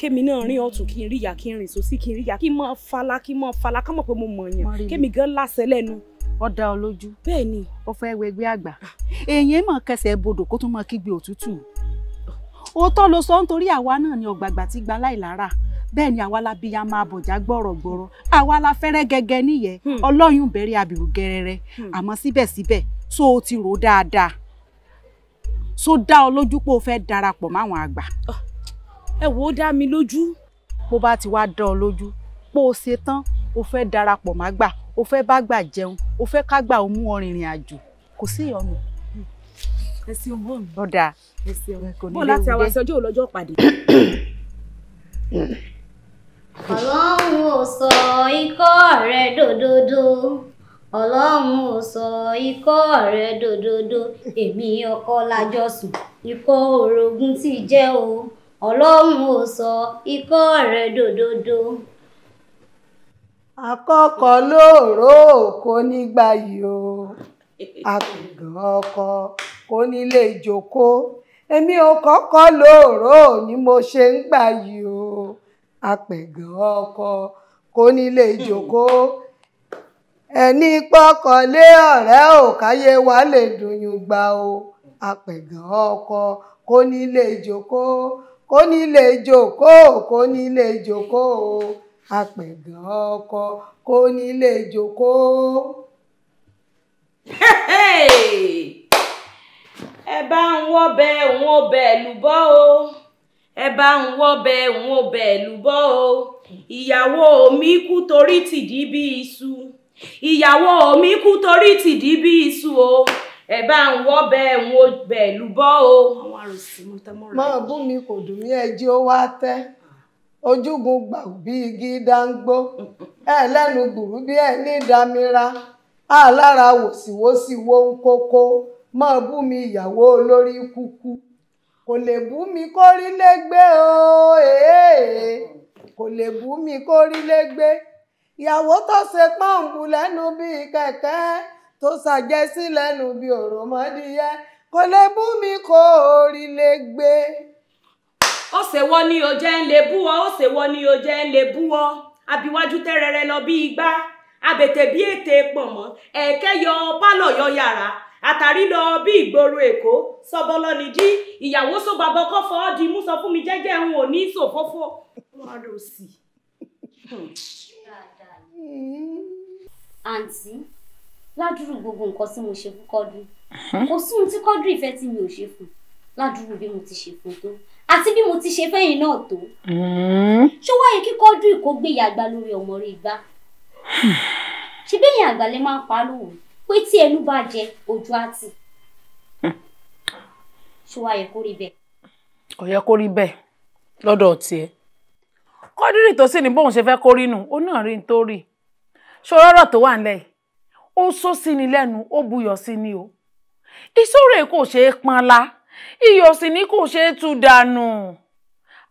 kémi náà rìn ọ̀tún kí n rí ìyá kí n rìn sósì kí n rí ìyá kí n máa falá kí n máa falá ká mọ̀ pé mo mọ̀ yàn kémi gan láṣẹ lẹ́nu. wọ́n dá ọ lójú. bẹ́ẹ̀ ni. ó fẹ́ wẹgbẹ́ àgbà èèyàn mọ̀ kẹsẹ̀ bodò kó tún mọ̀ kígbe òtútù. òótọ́ ló sọ nítorí àwa náà ni ọ̀gbàgbà ti gba láìlára bẹ́ẹ̀ ni àwa la bíya máa bọ̀já gbọ̀rọ̀gbọ̀rọ̀ àwa la fẹ́rẹ́ gẹ́gẹ́ níyẹn hmm. ọlọ́yún bẹ̀rẹ̀ abirù gẹ́rẹ́rẹ́ hmm. àmọ́ síbẹ̀síbẹ̀ so o ti rò dáadáa so dá ọ lójú pé o fẹ́ darapọ̀ máwọn àgbà. Oh ẹ wò ó dá mi lójú bó bá ti wá dán ọ lójú pé o ṣe tán o fẹ́ darapọ̀ má gbà o fẹ́ bá gbà jẹun o fẹ́ ká gbà o mú ọ rìnrìn àjò kò sí ìyọnu. ẹ ṣeun mọ mi. ọ̀dà ẹ ṣeun bó láti àwọn aṣojú òlọ́jọ́ pàdé. ọlọ́run ò sọ ikọ́ rẹ̀ dòdòdó ọlọ́run ò sọ ikọ́ rẹ̀ dòdòdó èmi ọkọ lájọsùn ikọ́ orogún ti jẹ́ o ọlọ́run ò sọ ikọ́ rẹ̀ dòdòdó. àkọ́kọ́ lóòró kò ní gbayì o àkùgàn ọkọ kò ní lè jókòó èmi ò kọ́kọ́ lóòró ni mo ṣe ń gbayì o apẹ̀gàn ọkọ kò ní lè jókòó ẹni pọkànlé ọ̀rẹ́ ò káyé wa lè dùnyùn gbà o apẹ̀gàn ọkọ kò ní lè jókòó. kó nílé jòkó kó nílé jòkó apẹ̀gàn ọkọ kó nílé jòkó. ẹ bá ń wọ́bẹ̀ ń wọ́bẹ̀ lùbọ́ o ẹ bá ń wọ́bẹ̀ ń wọ́bẹ̀ lùbọ́ o ìyàwó mi kú torí tìdí bí iṣu ìyàwó mi kú torí tìdí bí iṣu o. ẹ̀bá ń wọ́ bẹ́ẹ̀ ń wo bẹ́ẹ̀ o. àwọn bú mi kò dùn mí ẹjí ó wá tẹ́ ojúgun gbà bí igi dáńgbó ẹ lẹ́nu gbùrú bí ẹ ní ìdámira á lára wòsíwòsí wo ń kókó bú mi ìyàwó olórí kúkú kò lè bú mi kórí o kò lè bú mi kórí ìyàwó tó ṣe pọ́ǹbù tó ṣàjẹsí lẹ́nu bí òròmọdìyẹ kò lè bú mi kó orí lè gbé. ó ṣèwọ ni o jẹ́ ń lè bú ọ ó ṣèwọ ni o jẹ́ ń lè bú ọ abiwájú tẹ́rẹrẹ lọ bí igbá abètè bí ètè pọ̀nmọ́ ẹ̀ẹ́kẹ́ yọ pálọ̀ yọ yàrá àtàrí lọ bí ìgboro èkó sọbọlọ ni ìyàwó sọ bàbá ọkọ fọ ọ di mú sọ fún mi jẹ́jẹ́ ń wò ní sòfófó àǹtí ládùúrù gbogbo nǹkan tí mo ṣe fún Quadri kò sóhun tí Quadri ìfẹ́ tí mi ò ṣe fún ládùúrù bí mo ti ṣe fún tó àti bí mo ti ṣe fẹ́yìn náà tó hmm. ṣó wáyé kí Quadri kó gbé ìyá àgbà lórí ọmọ rẹ̀ gbá ṣe bẹ́yìn àgbà lè máa ń pa lóhùn pé tí ẹnu bá jẹ ojú á tì hmm. ṣó wáyé kó rí bẹ́ẹ̀. kò yẹ kó rí bẹ́ẹ̀ lọ́dọ̀ tiẹ̀ Quadri tó sì bóun ṣe fẹ́ kó ó náà rí nítorí ṣó rọ́rọ̀ tó wà ń lẹ́yìn ó sọ sí ni lẹ́nu ó buyọ̀ sí ni o ìṣòro kò ṣeé pọnla iyọ̀ sì ni kò ṣeé tú dànù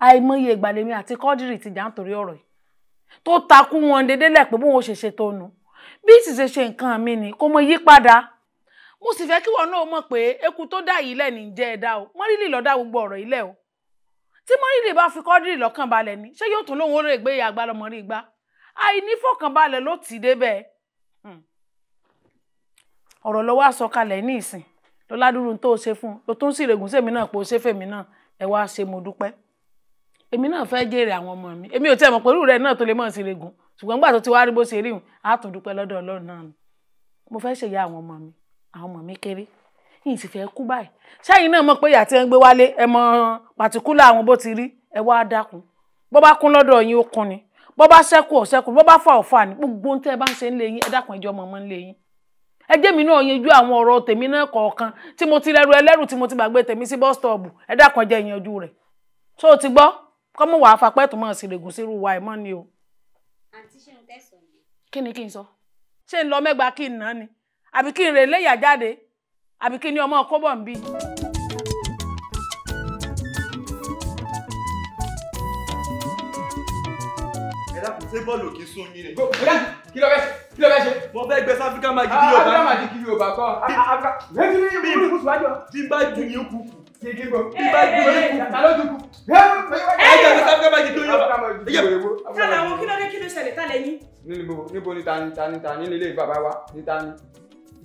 àìmọye ìgbàlèmi àti kọ́dírì ti jà ń torí ọ̀rọ̀ yìí tó takú wọn dédélẹ̀ pé bóun ò ṣe ṣe tónu bí sì ṣe ṣe nǹkan mi ni kó mọ yí padà mo sì fẹ́ kí wọn náà mọ̀ pé eku tó dá yìí lẹ́ni jẹ́ ẹ dá o mọ́rìlì lọ́ọ́ gbogbo ọ̀rọ̀ yìí lẹ̀ o tí mọ́rìlì bá fi kọ́dírì lọ́kàn balẹ̀ ni ṣé yóò tún lóun ó lè gbé ìyá àgbà lọ́mọ rí gbá àìnífọ̀kànbalẹ̀ ló tì í ọ̀rọ̀ lọ́wọ́ àsọkalẹ̀ ní ìsìn lọ́ládúró tó o ṣe fún un ló tún sì règùn sèmi náà pé o ṣe fèmi náà ẹ wá ṣe mo dúpẹ́ èmi náà fẹ́ jèrè àwọn ọmọ mi èmi ò tí ẹ mọ̀ pẹ̀lú rẹ náà tó lè mọ̀ sí règùn ṣùgbọ́n nígbà tó ti wá rí bó ṣe rí hùn á tún dúpẹ́ lọ́dọ̀ ọlọ́run náà ni mo fẹ́ ṣèyá àwọn ọmọ mi àwọn ọmọ mi kéré yìí sì fẹ́ kú báyìí ṣáyìn náà mọ̀ pé ìyá tí ẹ ń gbé wálé ẹ mọ̀ pàtíkúlà àwọn bó ti rí ẹ wá dákun bó bá kún lọ́dọ̀ yín ó kún ni bó bá ṣẹ́kù ọ̀ṣẹ́kù bó bá fà ọ̀fà ni gbogbo ohun tẹ́ ẹ bá ń ṣe ń lé yín ẹ dákun ẹjọ́ ọmọ ọmọ ń lé yín ẹ jẹ́ mi náà yanjú àwọn ọ̀rọ̀ tèmi náà kọ̀ọ̀kan tí mo ti rẹ́rù ẹlẹ́rù tí mo ti gbàgbé tèmi sí bọ́ stọọbù ẹ dákun jẹ́ ìyanjú rẹ̀ tó o ti gbọ́ kọ́ mọ̀ wàá fapẹ́ tó mọ̀ sí règùn sírú wa ẹ̀ mọ́ ni o. àǹtí ṣe ń tẹ̀sán mi. kí ni kí n sọ ṣé ń lọ mẹ́gba kí n ná ni Abi kí n rè léyà jáde àbí kí n ní ọmọ kóbọ̀ ń bí. ẹ dákun ṣé bọ́ọ̀lù kì í kí ló fẹ́ kí ló fẹ́ ṣe. mo fẹ́ gbé sáfíríkà máa jìkì yorùbá. áfíríkà máa jìkì yorùbá kọ́. bí ah, bá ju ní kú. bí bá ju ní kú. ẹ jẹ́ kí sáfíríkà máa jìkì yorùbá. tálà àwọn kí ló dé kí ló ṣẹlẹ̀ tálẹ̀ yín. níbo níbo ni tani tani tani nílé bàbá wa ni tani.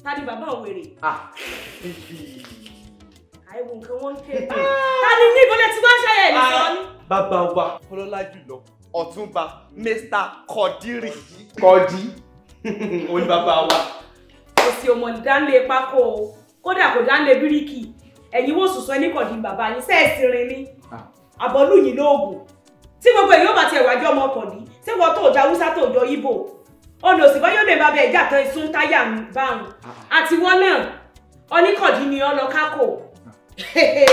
tani bàbá òwèrè. àìwò nǹkan wọn kẹ́ ẹ̀. tani ní ìbọlẹ̀ tí wọ́n ṣẹ̀yẹ̀ ní sọ́ọ́ni. Ah, bàbá wa kọ́lọ́lá jùlọ ọ̀túnba mr kọ́dírì. kọ́dí òun ni bàbá wa. kò sí ọmọ ìdánlé pákó o kódà kò dánlé bíríkì ẹ̀yin wò sùsọ ẹni kọ̀dí bàbá yín sẹ́ẹ̀sì rin ní ah. àbọ̀lù yìí lóògùn tí gbogbo èyí ó bá tiẹ̀ wájú ọmọ tí wọ́n tó ọjà haúsá tó ọjọ́ ibo ọ̀nà òsì bọ́yọ̀ lè bá bẹ ẹ̀já tán ìsún táyà ń báwọn ah. àti wọn náà oníkọ̀dí ni ọlọ kákò ah.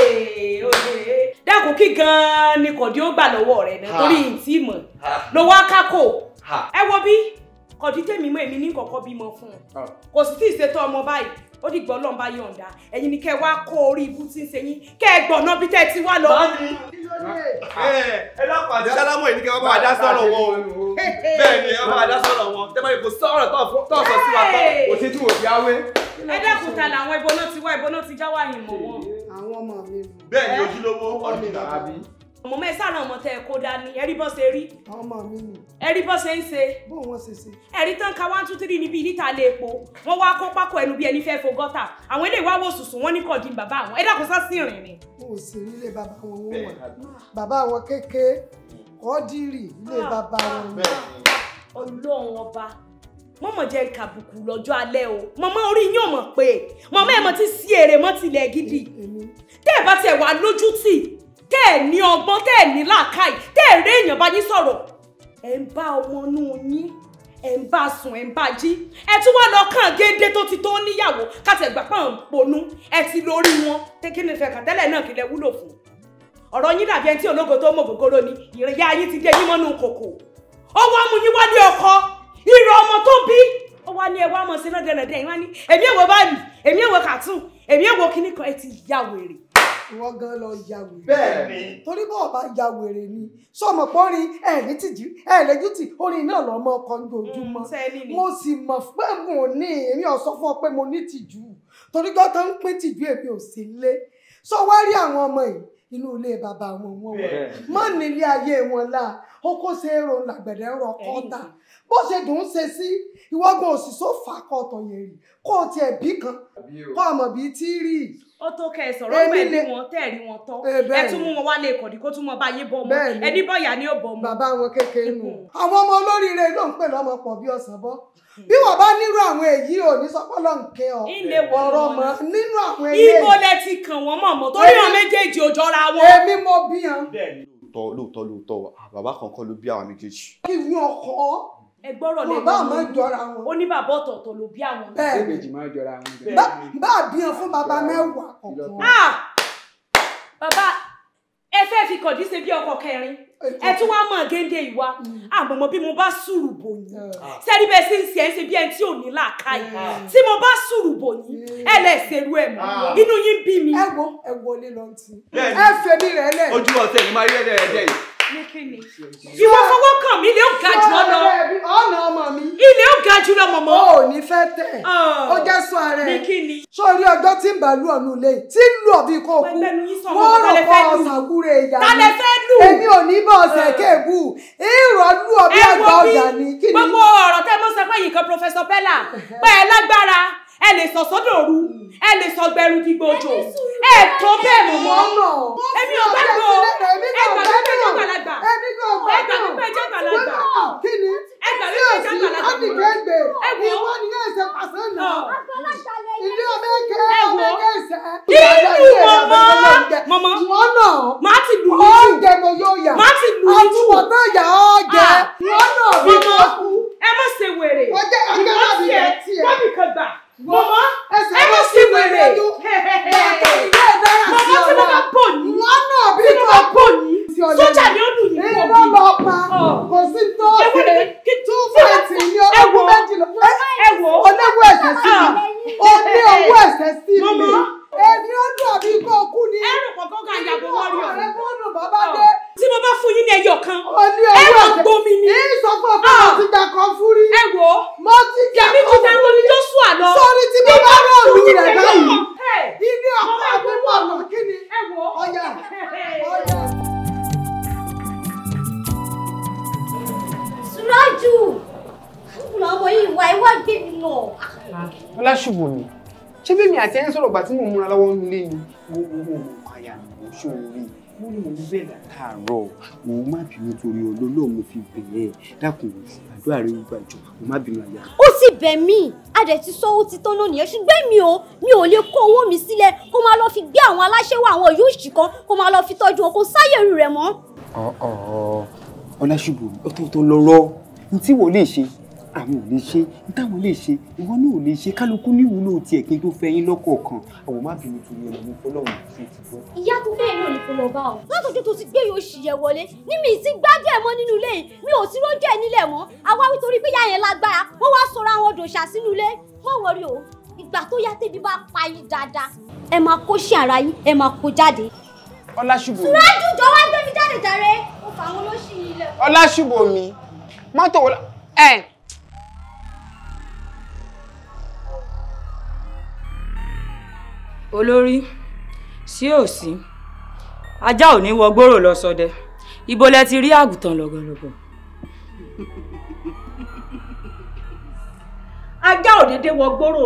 dákun kí gan-an ni kọ̀dí ó gbà lọ́wọ́ rẹ̀ náà torí ìtì mọ̀ lọ́wọ́ kákò ẹ wo bí kọ̀dí tèmi mọ́ èmi ní kọ̀kọ́ bímọ fún un ah. kò sì tí ì ṣètò ọmọ báyìí ó di gbọ́ lọ́nba yọ̀ǹda ẹ̀yin ni kẹ́ wá kó orí ibú tí ń ṣe yín kẹ́ ẹ gbọ̀nà bí tẹ́ ẹ ti wá lọ. Ah. Eh, ẹ lápàdé sálámù yìí ni kẹ́ wọ́n bá dá sọ̀rọ̀ wọn o bẹ́ẹ̀ ni ẹ bá dá sọ̀rọ̀ wọn tẹ́ bá yẹ kó sọ̀rọ̀ tó sọ sí wa tán kò sí tí wò bí awé. ẹ dẹ́kun ta làwọn ìbọn náà ti wá ìbọn náà ti já wá ìmọ̀ wọn. àwọn ọmọ mi. bẹ́ẹ̀ ni ojúlówó ọdún ìdàgbà ọmọ mẹ́sà náà mọ̀ tẹ́ ẹ kó dání ẹ̀rí bọ́ ṣe rí. ọmọ mi ni. ẹ̀rí bọ́ ṣe ń ṣe. bó wọn ṣe ṣe. ẹ̀rí tán ka one two three níbi níta lé epo wọ́n wá kó pákó ẹnu bí ẹni fẹ́ fo gọ́tà àwọn eléyìí wá wò sùsùn wọ́n ní kọ̀dí bàbá àwọn ẹ̀dá kò sá sí ìrìn ni. n ò sì rí ilé bàbá wọn wọ́n wà bàbá wọn kéke kọ́dírì ilé ah. bàbá wọn. ọlọ́run ọba mọ̀mọ̀ jẹ́ kàbùkù lọ́jọ́ alẹ́ o mọ̀mọ́ orí yín ò mọ̀ pé mọ̀mọ́ ẹ̀ mọ̀ ti sí èrè mọ́ tilẹ̀ gidi tẹ́ ẹ̀ bá tiẹ̀ wà lójú tì tẹ́ ẹ̀ ní ọgbọ́n tẹ́ ẹ̀ ní làákàyè tẹ́ ẹ̀ rí èèyàn bá yín sọ̀rọ̀ ẹ̀ ń bá ọmọ inú yín ẹ̀ ń bá sùn ẹ̀ ń bá jí ẹ̀ tún wá lọ kàn géńdé tó ti tó níyàwó káṣẹ̀ gbà pọ̀ ń ponú ẹ̀ ti lórí wọn tẹ́kínní fẹ́ kàtẹ́lẹ̀ náà kí lẹ wúlò fún ọ̀rọ̀ yín dàbí ẹni tí ológo tó mọ̀ gògóró ni ìrìnyà yín ti dé yín mọ́nú kòkò ó wá mú yín wálé ọkọ ìrọ̀ ọmọ tó bí ó wá ní ẹ wá mọ̀ sí lọ́dẹ̀ẹ̀dẹ̀ yín wá ní èmi èwo báyìí èmi èwo kàtún èmi èwo kíníkan ẹ ti yá wèrè ìwọ gan lọ ya wèrè. bẹ́ẹ̀ni. torí bọ́ọ̀ bá ya wèrè ni sọmọ pọ́nrin ẹ̀ ní tìjú ẹ̀ lẹ́jú tì orin náà lọ́mọ ọkọ̀ ń dojúmọ́ mm, mo sì mọ̀ pé mo ní èmi ò sọ fún ọ pé mo ní tìjú torí gbọ́dọ̀ tó ń pín tìjú èmi ò sí lé sọ wá rí àwọn ọmọ yìí inú ilé bàbá wọn wọn wà mọ́ nílé ayé wọn láà oko ṣe èrò làgbẹ̀dẹ̀ ń rọ kọ́ta bó ṣe dùn ún ṣe sí ìwọ́gbọ̀n òṣìṣọ́ fà kọ́tọ̀ yẹn rí kó o tiẹ̀ e bí kan kó àmọ̀ bíi tí rí i. ó tó kẹ ẹ sọ̀rọ̀ pẹ̀lú wọn tẹ̀rí wọn tán ẹ tún mú wọn wálé ìkọ̀dí kó tún mọ bá yé bọ́ mọ́ ẹni bọ́yà ni ó bọ̀ mọ́. bàbá wọn kékeré nù. àwọn ọmọ olóríire ló ń pè lọ́mọ pọ̀ bí ọ̀sán bọ́ bí wọn bá nírú àwọn èyí ò ní sọpọlọ nkẹ ọ ọ̀rọ̀ mọ nínú àwọn eléyìí. ibo lẹ ti kàn wọn mọ mọ torí wọn méjèèjì ò jọra wọn. èmi mo bí yan lóòótọ́ lóòótọ́ lóòótọ́ ah, bàbá kankan ló bí àwọn méjèèjì. kí ni ọkọ ẹgbọ́rọ̀ lẹ́nu bàbá máa jọra wọn. ó ní bàbá ọ̀tọ̀ọ̀tọ̀ ló bí àwọn. bẹ́ẹ̀ méjì máa jọra wọn. bá a bí yan fún bàbá mẹ́wàá kọ̀ọ̀kan. Ah! bàbá ẹ fẹ́ fi kọ̀dí ṣe bí ọkọ̀ kẹrin ẹ tún wá mọ̀ géńdé ìwà mm. àmọ̀mọ́ bí mo bá sùrù bò yín sẹ́rí ah. bẹ́ẹ̀ sì ń ṣe ẹ́ ṣe bí ẹni tí ò ní làákàyè ah. tí mo bá sùrù bò yín ẹ lẹ̀ ṣerú ẹ̀ mọ́ ah. inú yín bí mi. ẹ wo ẹ wọlé lọ́ntì ẹ fẹ́ mi rẹ̀ lẹ̀. ojú ọ̀sẹ̀ ìmọ̀ ayé rẹ̀ ẹ̀ dẹ̀ yìí ní ni ìwọ fọwọ́ kàn mí ilé ó ga lọ ọ̀nà ọmọ mi ilé ó ga jù lọ mọ̀mọ́. o ò ní fẹ́ tẹ̀ ah. ó jẹ́ sọ ààrẹ ní kí ni. sórí ọjọ́ tí ń bá lù ọ̀nù ilé tí ń lù ọ̀bí kò kú wọ́n rò pọ̀ ọ̀sàkúrẹ́ ìyá mi èmi ò ní bọ̀ ọ̀sẹ̀ ah. kéèbù ìrọ̀ lù ọ̀bí àgbà ọ̀gá ni kí ni. gbogbo ọ̀rọ̀ tẹ́ mọ́ sọ Professor Bella pẹ́ ẹ ẹ lè sọ sódò òru ẹ lè sọ gbẹrù dìgbò òjò ẹ tó bẹ́ẹ̀ mọ̀ mọ́ èmi ò bá lò ẹ gbà mí pé jẹ́ gbàlagbà ẹ gbà mí pé jẹ́ gbàlagbà ẹ gbà mí pé jẹ́ gbàlagbà ẹ wò ó ilé ọmọ ẹgẹ ọmọ ẹgẹ ẹsẹ nínú mọmọ mọmọ máa ti lù ú máa ti lù ú àtúbọ̀tán ìyá ọ̀jẹ̀. Ah, ṣòrí mo ní mo bẹ̀rẹ̀ látàárọ̀ mo má bínú torí olólò mo fi bẹ̀rẹ̀ dákun àdúrà rẹ gbàjọ mo má bínú àyà. ó ti bẹ̀ mí a ti sọ ó ti tán lónìí ṣùgbọ́n mi ò mi ò lè kó owó mi sílẹ̀ kó máa lọ fi gbé àwọn aláṣẹ́wọ̀ àwọn yóòṣì kan kó máa lọ fi tọ́jú oko sáyẹ̀rù rẹ̀ mọ́. ọ̀ọ́ ọ̀ọ́ ọ̀làṣùgbò ó tó tó lọ́rọ́ ní tí wò lè ṣe àwọn ò lè ṣe táwọn lè ṣe ìwọ náà ò lè ṣe kálukú ní ìwúlò tiẹ̀ kí n tó fẹ́ yín lọ́kọ̀ọ̀kan àwọn má bínú torí ẹ̀rọ mi fọlọ́run ṣe ti gbọ́. ìyá tó fẹ́ ìlú òlùkọ́ lọ bá ọ. látọjọ́ tó ti gbé yóò ṣì yẹ wọlé ní mi ti gbádùn ẹ̀ mọ́ nínú ilé yìí mi ò sí rójú ẹ̀ nílẹ̀ mọ́ àwa wí torí pé yá yẹn lágbára wọ́n wá sọ̀rọ̀ àwọn dòṣà sínú ilé wọ́n wọrí o ìgbà tó yá tẹ́bi bá pa yín dáadáa ẹ máa kó ṣe ara yín ẹ máa kó jáde. ọlásùbò mi. síwájú jọ wá gbé mi jáde jàre mo fà àwọn olóṣì olórí sí òsì ajá ò ní wọ gbòòrò lọ sọdẹ ibo lẹ ti rí àgùntàn lọgọlọgọ. ajá ò dédé wọ gbòòrò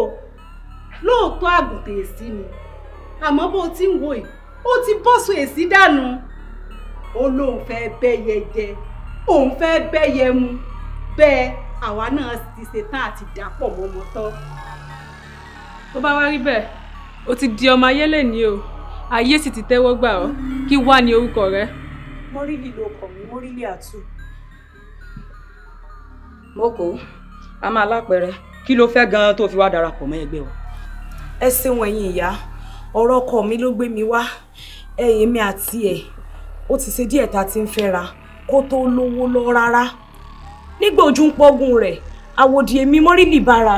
lóòótọ́ àgùntàn èsì ni àmọ́ bó ti ń wò yìí ó ti bọ́sù èsì dànù ó lóun fẹ́ bẹ́yẹ jẹ òun fẹ́ bẹ́yẹ mu bẹ́ẹ̀ àwa náà ti ṣetán àti dàpọ̀ mọ́mọ́ tán. tó bá wá rí bẹ́ẹ̀ o ti di ọmọ ayé lè ní o ayé sì ti tẹ́wọ́ gbà ọ́ kí wá ní orúkọ rẹ. mọ́rílì ló kọ̀ mí mọ́rílì àtú. mọ́kò a máa lápẹẹrẹ kí ló fẹ́ gan-an tó fi wá darapọ̀ mọ́ ẹgbẹ́ wa. ẹ ṣeun ẹ̀yin ìyá ọ̀rọ̀ ọkọ mi ló gbé mi wá ẹ̀yìn mi àti ẹ̀ ó ti ṣe díẹ̀ ta ti ń fẹ́ra kó tó lówó lọ rárá nígbà ojú ń pọ́gun rẹ̀ àwòdì èmi mọ́rílì bára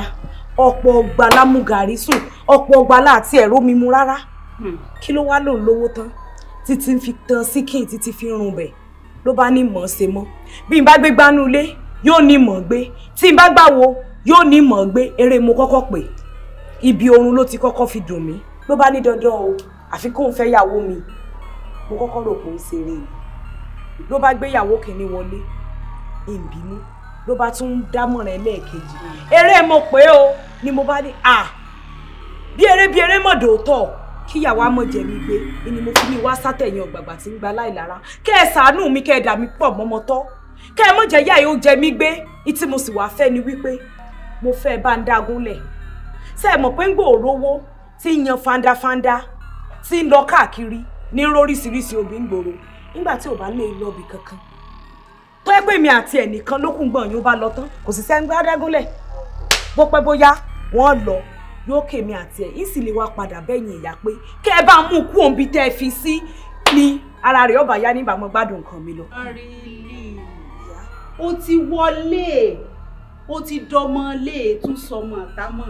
ọ̀pọ̀ ọgbà lámúgàrí sùn ọ̀pọ̀ ọgbà láti ẹ̀rọ mi mu rárá hmm. kí ló wá lòun lówó tán títí fi tan síkìn títí fi rùn bẹ̀ ló bá ní mọ̀ ọ́n ṣe mọ́ bí n bá gbé gbanú ilé yóò ní mọ̀ ọ́n gbé tí n bá gbàwo yóò ní mọ̀ ọ́n gbé eré mo kọ́kọ́ pè ibi oorun ló ti kọ́kọ́ fi dùn mí ló bá ní dandan o àfi kóun fẹ́ yàwó mi mo kọ́kọ́ rò pé ó ń ṣeré ni ló bá gbé yàwó kìíní wọlé ìbínú ló bá tún dámọ̀ràn ẹlẹ́ẹ̀kejì hmm. eré mo pé o ni mo bá ní à bí eré bí eré mọ̀dọ̀ tọ̀ kíyàwó àmọ̀ gbé ni mo fi ní wá sátẹ̀yìn ọ̀gbàgbà tí ń gba láìlára kẹ́ ẹ ṣàánú mi kẹ́ ẹ dà mí pọ̀ mọ́mọ́tọ́ kẹ́ ẹ mọ̀ jẹ́ yá yóò jẹ mí gbé ìtí mo sì wáá fẹ́ ni wípé mo fẹ́ bá ń dágúnlẹ̀ ṣe é mọ̀ pé ń gbòòrówó tí ń yan fandafanda tí ń lọ káàkiri ní róríṣiríṣi obì ń gbòòrò nígbà tí ò bá lè lọ ibì kankan tó yẹ àti ẹnìkan lókùngbọ̀n yóò bá lọ tán kò sì sẹ́ ń gbá dágúnlẹ̀ bó pẹ́ bóyá wọ́n lọ yóò kèmí àti ẹ̀ ìsì lè wá padà bẹ́yìn ìyá pé kẹ́ ẹ bá mú kú òǹbí tẹ́ ẹ fi sí ni ara rẹ̀ ọba yá nígbà mo gbádùn nǹkan mi lọ. ó ti wọlé ó ti dọmọ lé e tún sọmọ àtàmọ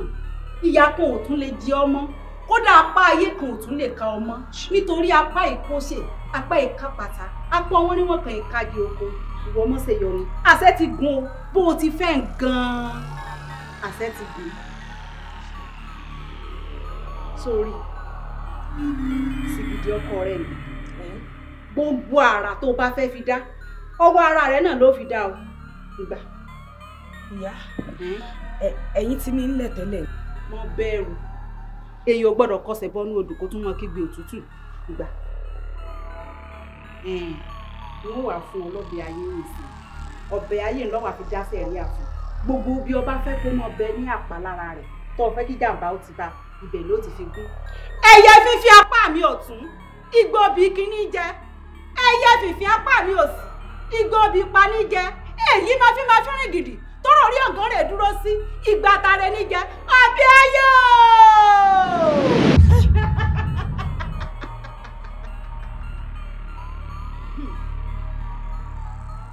ìyá kan tún lè jẹ ọmọ kódà apá ayé kan ò tún lè ka ọmọ nítorí apá ìkóṣe apá ìkápàtà apá wọn ni wọn kàn oko ìwọ ọmọ ṣe yọrin àṣẹ ti gun o bó o ti fẹ́ gan-an. àṣẹ ti gbé ọkọ rẹ ni gbogbo ara tó bá fẹ́ fi dá ọwọ́ ara rẹ náà ló fi dá o ìgbà. ìyá ẹ̀yin tẹ́lẹ̀. mo bẹ̀rù gbọ́dọ̀ kọsẹ̀ bọ́nú odò kó gbogbo bí ọba fẹ́ kó mọ bẹ ní àpálára rẹ̀ tó o fẹ́ kí jàǹbá ó ti bá ibẹ̀ ló ti fi gún. ẹyẹ fífi apá mi ọ̀tún igbó bí kíní jẹ ẹyẹ fífi apá mi òsì igbó bí paní jẹ èyí máa fi máa fi rìn gidi tọrọ orí ọgán rẹ dúró sí ìgbà tààrẹ níjẹ àbí ayé o.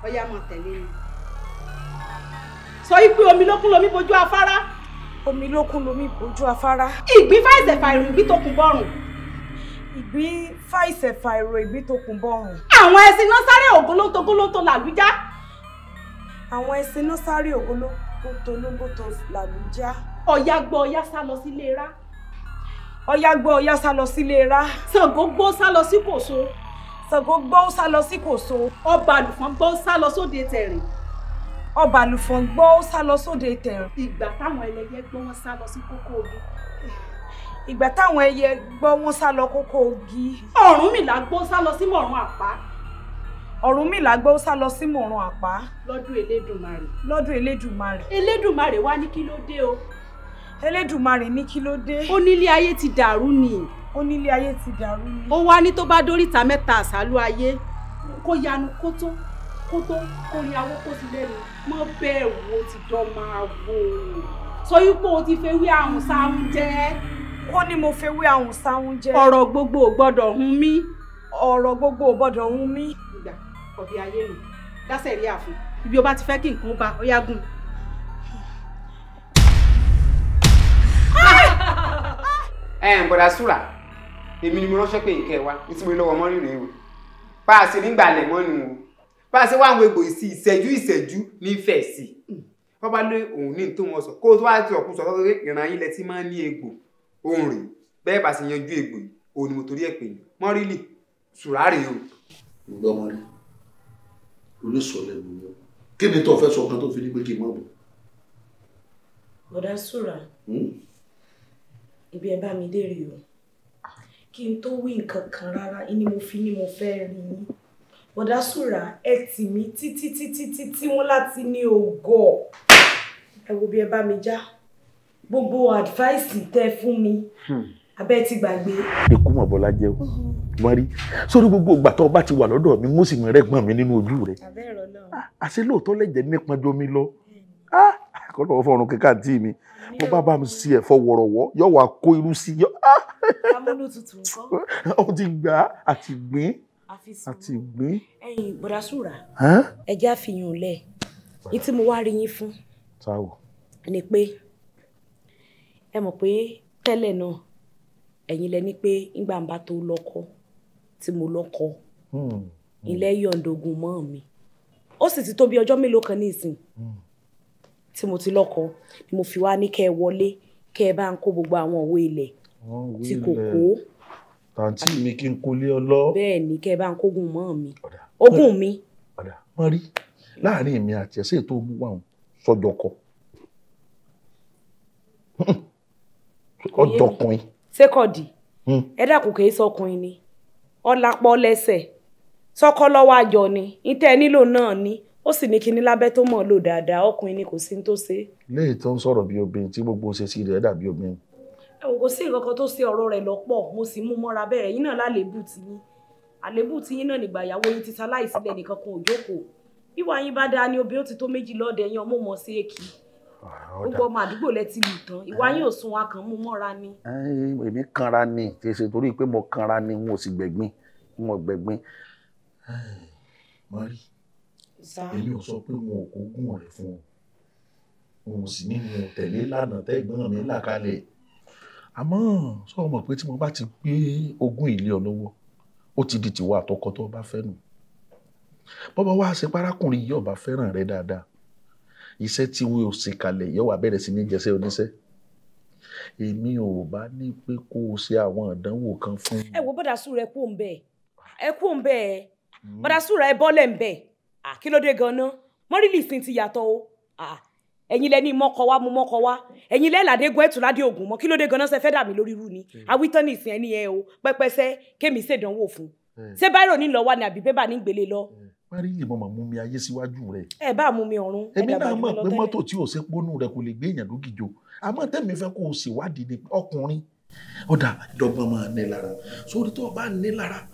ó mọ̀ tẹ̀lé mi sọ wípé omi lókun lomi bojú afárá. omi lókun lomi bojú afárá. ìgbín fàìsẹ̀ fàìrò ìgbín tó kún bọ́rùn. ìgbín fàìsẹ̀ fàìrò ìgbín tó kún bọ́rùn. àwọn ẹṣin náà sáré ògólótó gólótó làlújá. àwọn ẹṣin náà sáré ògólótó lógótó làlújá. ọ̀yá gbọ́ ọ̀yá sá lọ sílé rá. ọ̀yá gbọ́ ọ̀yá sá lọ sílé rá. Ṣàngó sá lọ sí kòso. Ṣàngó sá lọ sí kòso. ọba àlùfọ́n gbó sá lọ sóde tẹ̀rìn ọba àlùfọ̀n gbọ́ ó sá lọ sóde tẹ̀rùn. ìgbà táwọn ẹlẹ́yẹ gbọ́ wọn sá lọ sí kókó ogi. ìgbà táwọn ẹyẹ gbọ́ wọn sá lọ kókó ogi. ọ̀rúnmìlà gbọ́ sá lọ sí mọ̀rún àpá. ọ̀rúnmìlà gbọ́ sá lọ sí mọ̀rún àpá. lọ́dún elédùnmarè. lọ́dún elédùnmarè. elédùnmarè wá ní kí o. elédùnmarè ní kí ló dé. ó nílé ayé ti dàrú ni. ó nílé ayé ti dàrú ni. ó wá ní tó bá dóríta mẹ́ta àsálú ayé kó yanu kó kó tó ń kó ìyàwó kó sí lẹ́nu mọ́ bẹ́ẹ̀ wo ti dán máa wò ó sọ wípé o ti fẹ́ wí àrùn sáhùn jẹ́. ó ní mo fẹ́ wí àrùn sáhùn jẹ́. ọ̀rọ̀ gbogbo ò gbọ́dọ̀ hun mí. ọ̀rọ̀ gbogbo ò gbọ́dọ̀ hun mí. ìgbà ọ̀bí ayé nù dásẹ̀ rí àfin ibi o bá ti fẹ́ kí nǹkan bá ó yá gùn. ẹ bọ̀dà súrà èmi ni mo ránṣẹ́ pé nǹkan ẹ nítorí lọ́wọ́ mọ́rin rèé o bá a ṣe nígbà lẹ̀ mọ́nu o bá a ṣe wá àwọn egbò ìsì ìṣẹ́jú ìṣẹ́jú ní fẹ̀ sí hmm. wọ́n bá lé òun ní tó wọn sọ kó o tó wá ti ọ̀kun sọ pé ìran yín lẹ ti máa ń ní egbò òun rèé bẹ́ẹ̀ bá ṣe yanjú egbò yìí òun ni mo torí ẹ̀ pè ní mọ́rílì sùràrè o. mo gbọ́ mọ́rí olùsọ̀lẹ̀ mi ni kí ni tó fẹ́ sọ kan tó fi ní pé kí n má bọ̀. bọ̀dá sùrà hmm? ibi ẹ bá mi dé rí o kí n tó wí nǹkan kan rárá ni mo fi ni mo fẹ́ rí yín bọ̀dá sùrà ẹ tì mí títí títí títí wọn láti ní ògo ẹ wo bí ẹ bá mi já gbogbo àdíváìsì tẹ́ fún mi hmm. abẹ́ ti gbàgbé. ikú mọ̀ bọ́lá jẹ́ o wọ́n mm-hmm. rí sórí gbogbo ìgbà tó o bá ti wà lọ́dọ̀ mi mo sì mọ̀ rẹ́gbọ̀n mi nínú ojú rẹ̀ ah, àṣẹ lóòótọ́ lẹ́jẹ̀ nípọn jomi lọ ah, kọ́lọ́ fọ́run kíkà tí mi mo bá bá mi sí ẹ̀fọ́ wọ̀rọ̀wọ́ yóò wá kó irú sí yọ. Ah, amúlùtutù nǹkan. ó ti gbà á àti gbìn àti ìgbé. ẹ̀yin bọ̀dá sùúrà ẹjẹ́ àfihàn lẹ̀ ní tí mo wá rí yín fún ni pé ẹ mọ̀ pé tẹ́lẹ̀ náà ẹ̀yin lẹ ní pé ńgbà ń bá tó lọ́kọ tí mo lọ́kọ hmm, hmm. ilé yọ̀ǹdogun mọ́ mi ó sì ti tó bí ọjọ́ mélòó kan nísìn hmm. tí mo ti lọ́kọ ni mo fi wá ní kẹ́ ẹ wọlé kẹ́ ẹ bá ń kó gbogbo àwọn òwe ilẹ̀ tí kò kó tàǹtí mi kí n kólé ọlọ. bẹ́ẹ̀ ni kẹ́ ẹ bá ń kógun mọ́ mi ogun mi. ọ̀dà wọ́n rí láàrin èmi àti ẹ̀sẹ̀ tó mú wà sọ́jọ́kọ. ọjọkùnrin. sékọ̀dì hmm. ẹ dákun kì í sọkùnrin ni ọlápọ̀ lẹ́sẹ̀ sọ́kọ́ lọ́wọ́ àjọ ni ìtẹ́ nílò náà ni ó sì ní kinní lábẹ́ tó mọ̀ lò dáadáa ọkùnrin ni kò sí ní tó ṣe. léyìí tó ń sọ̀rọ̀ bí obìnrin tí gbogbo ṣe sí rẹ̀ dàbí obìnrin ẹ̀wọ̀n kò sí nǹkan tó ṣe ọ̀rọ̀ rẹ̀ lọ́pọ̀ mo sì mú mọ́ra bẹ́ẹ̀ yín náà lálébù tí yín àlébù tí yín náà nígbà ìyàwó yín ti ta láìsílẹ̀ nìkan kan òjókòó bíwá yín bá dáa ni obì ó ti tó méjì lọ́ọ̀dẹ yín ọmọ mọ̀ sí èkì gbogbo ọmọ àdúgbò lẹ ti lù tán ìwà yín ò sun wa kan mú mọ́ra ni. èmi kanra ni kì í ṣe torí pé mo kanra ni n ò sì gbẹ̀gbin n ò gbẹ̀gbin. mari èmi ò sọ pé wọn ò kó gún ọ̀rẹ́ fún ọ wọn ò sì ní mo tẹ̀lé lánàá tẹ́gbọ́n mi là kalẹ̀ àmọ́ sọ ọmọ pé tí mo bá ti gbé ogún ilé ọ lọ́wọ́ ó ti di tìwọ àtọkọ tó bá fẹ́ nù bọ́bá wá ṣe párákùnrin yìí ọba fẹ́ràn rẹ dáadáa iṣẹ́ tí wọ́n ò ṣe kalẹ̀ yóò wá bẹ̀rẹ̀ sí ní jẹ́sẹ́ oníṣẹ́ èmi ò bá ní pé kó o ṣe àwọn ìdánwò kan fún. ẹ wo bọ́dà sùúrù ẹ kú òun bẹ́ẹ̀ ẹ kú òun bẹ́ẹ̀ hmm. bọ́dà sùúrù ẹ bọ́lẹ̀ ń bẹ́ẹ̀ kí ló dé gan-an mọ́rìlì sin ti yàtọ̀ o ẹ̀yin lẹni mọ́kọ wá mú mọ́kọ wá ẹ̀yin lẹ́làdégún ẹ̀túnládé ògùn mọ́ kí ló dé ganan ṣe fẹ́ dà mí lórí irú ni hmm. awítán ní ìsìn ẹni ẹ o pẹ́pẹ́sẹ́ kémi ṣèdánwò fún hmm. ṣé báírò ní lọ wá ni àbí bébà ní gbélé lọ. parí hmm. lè mọ̀ mú mi ayé síwájú rẹ̀. ẹ bá mú mi ọ̀run. èmi náà mọ̀ pé mọ́tò tí ò ṣe pọ́nú rẹ̀ kò lè gbé èèyàn lógìjò àmọ́ tẹ́mi fẹ́ kó o ṣèwádìí ni ọkùnrin ọ̀dà ìdọ́gbọ́n máa ní lára sórí tó o bá ní lára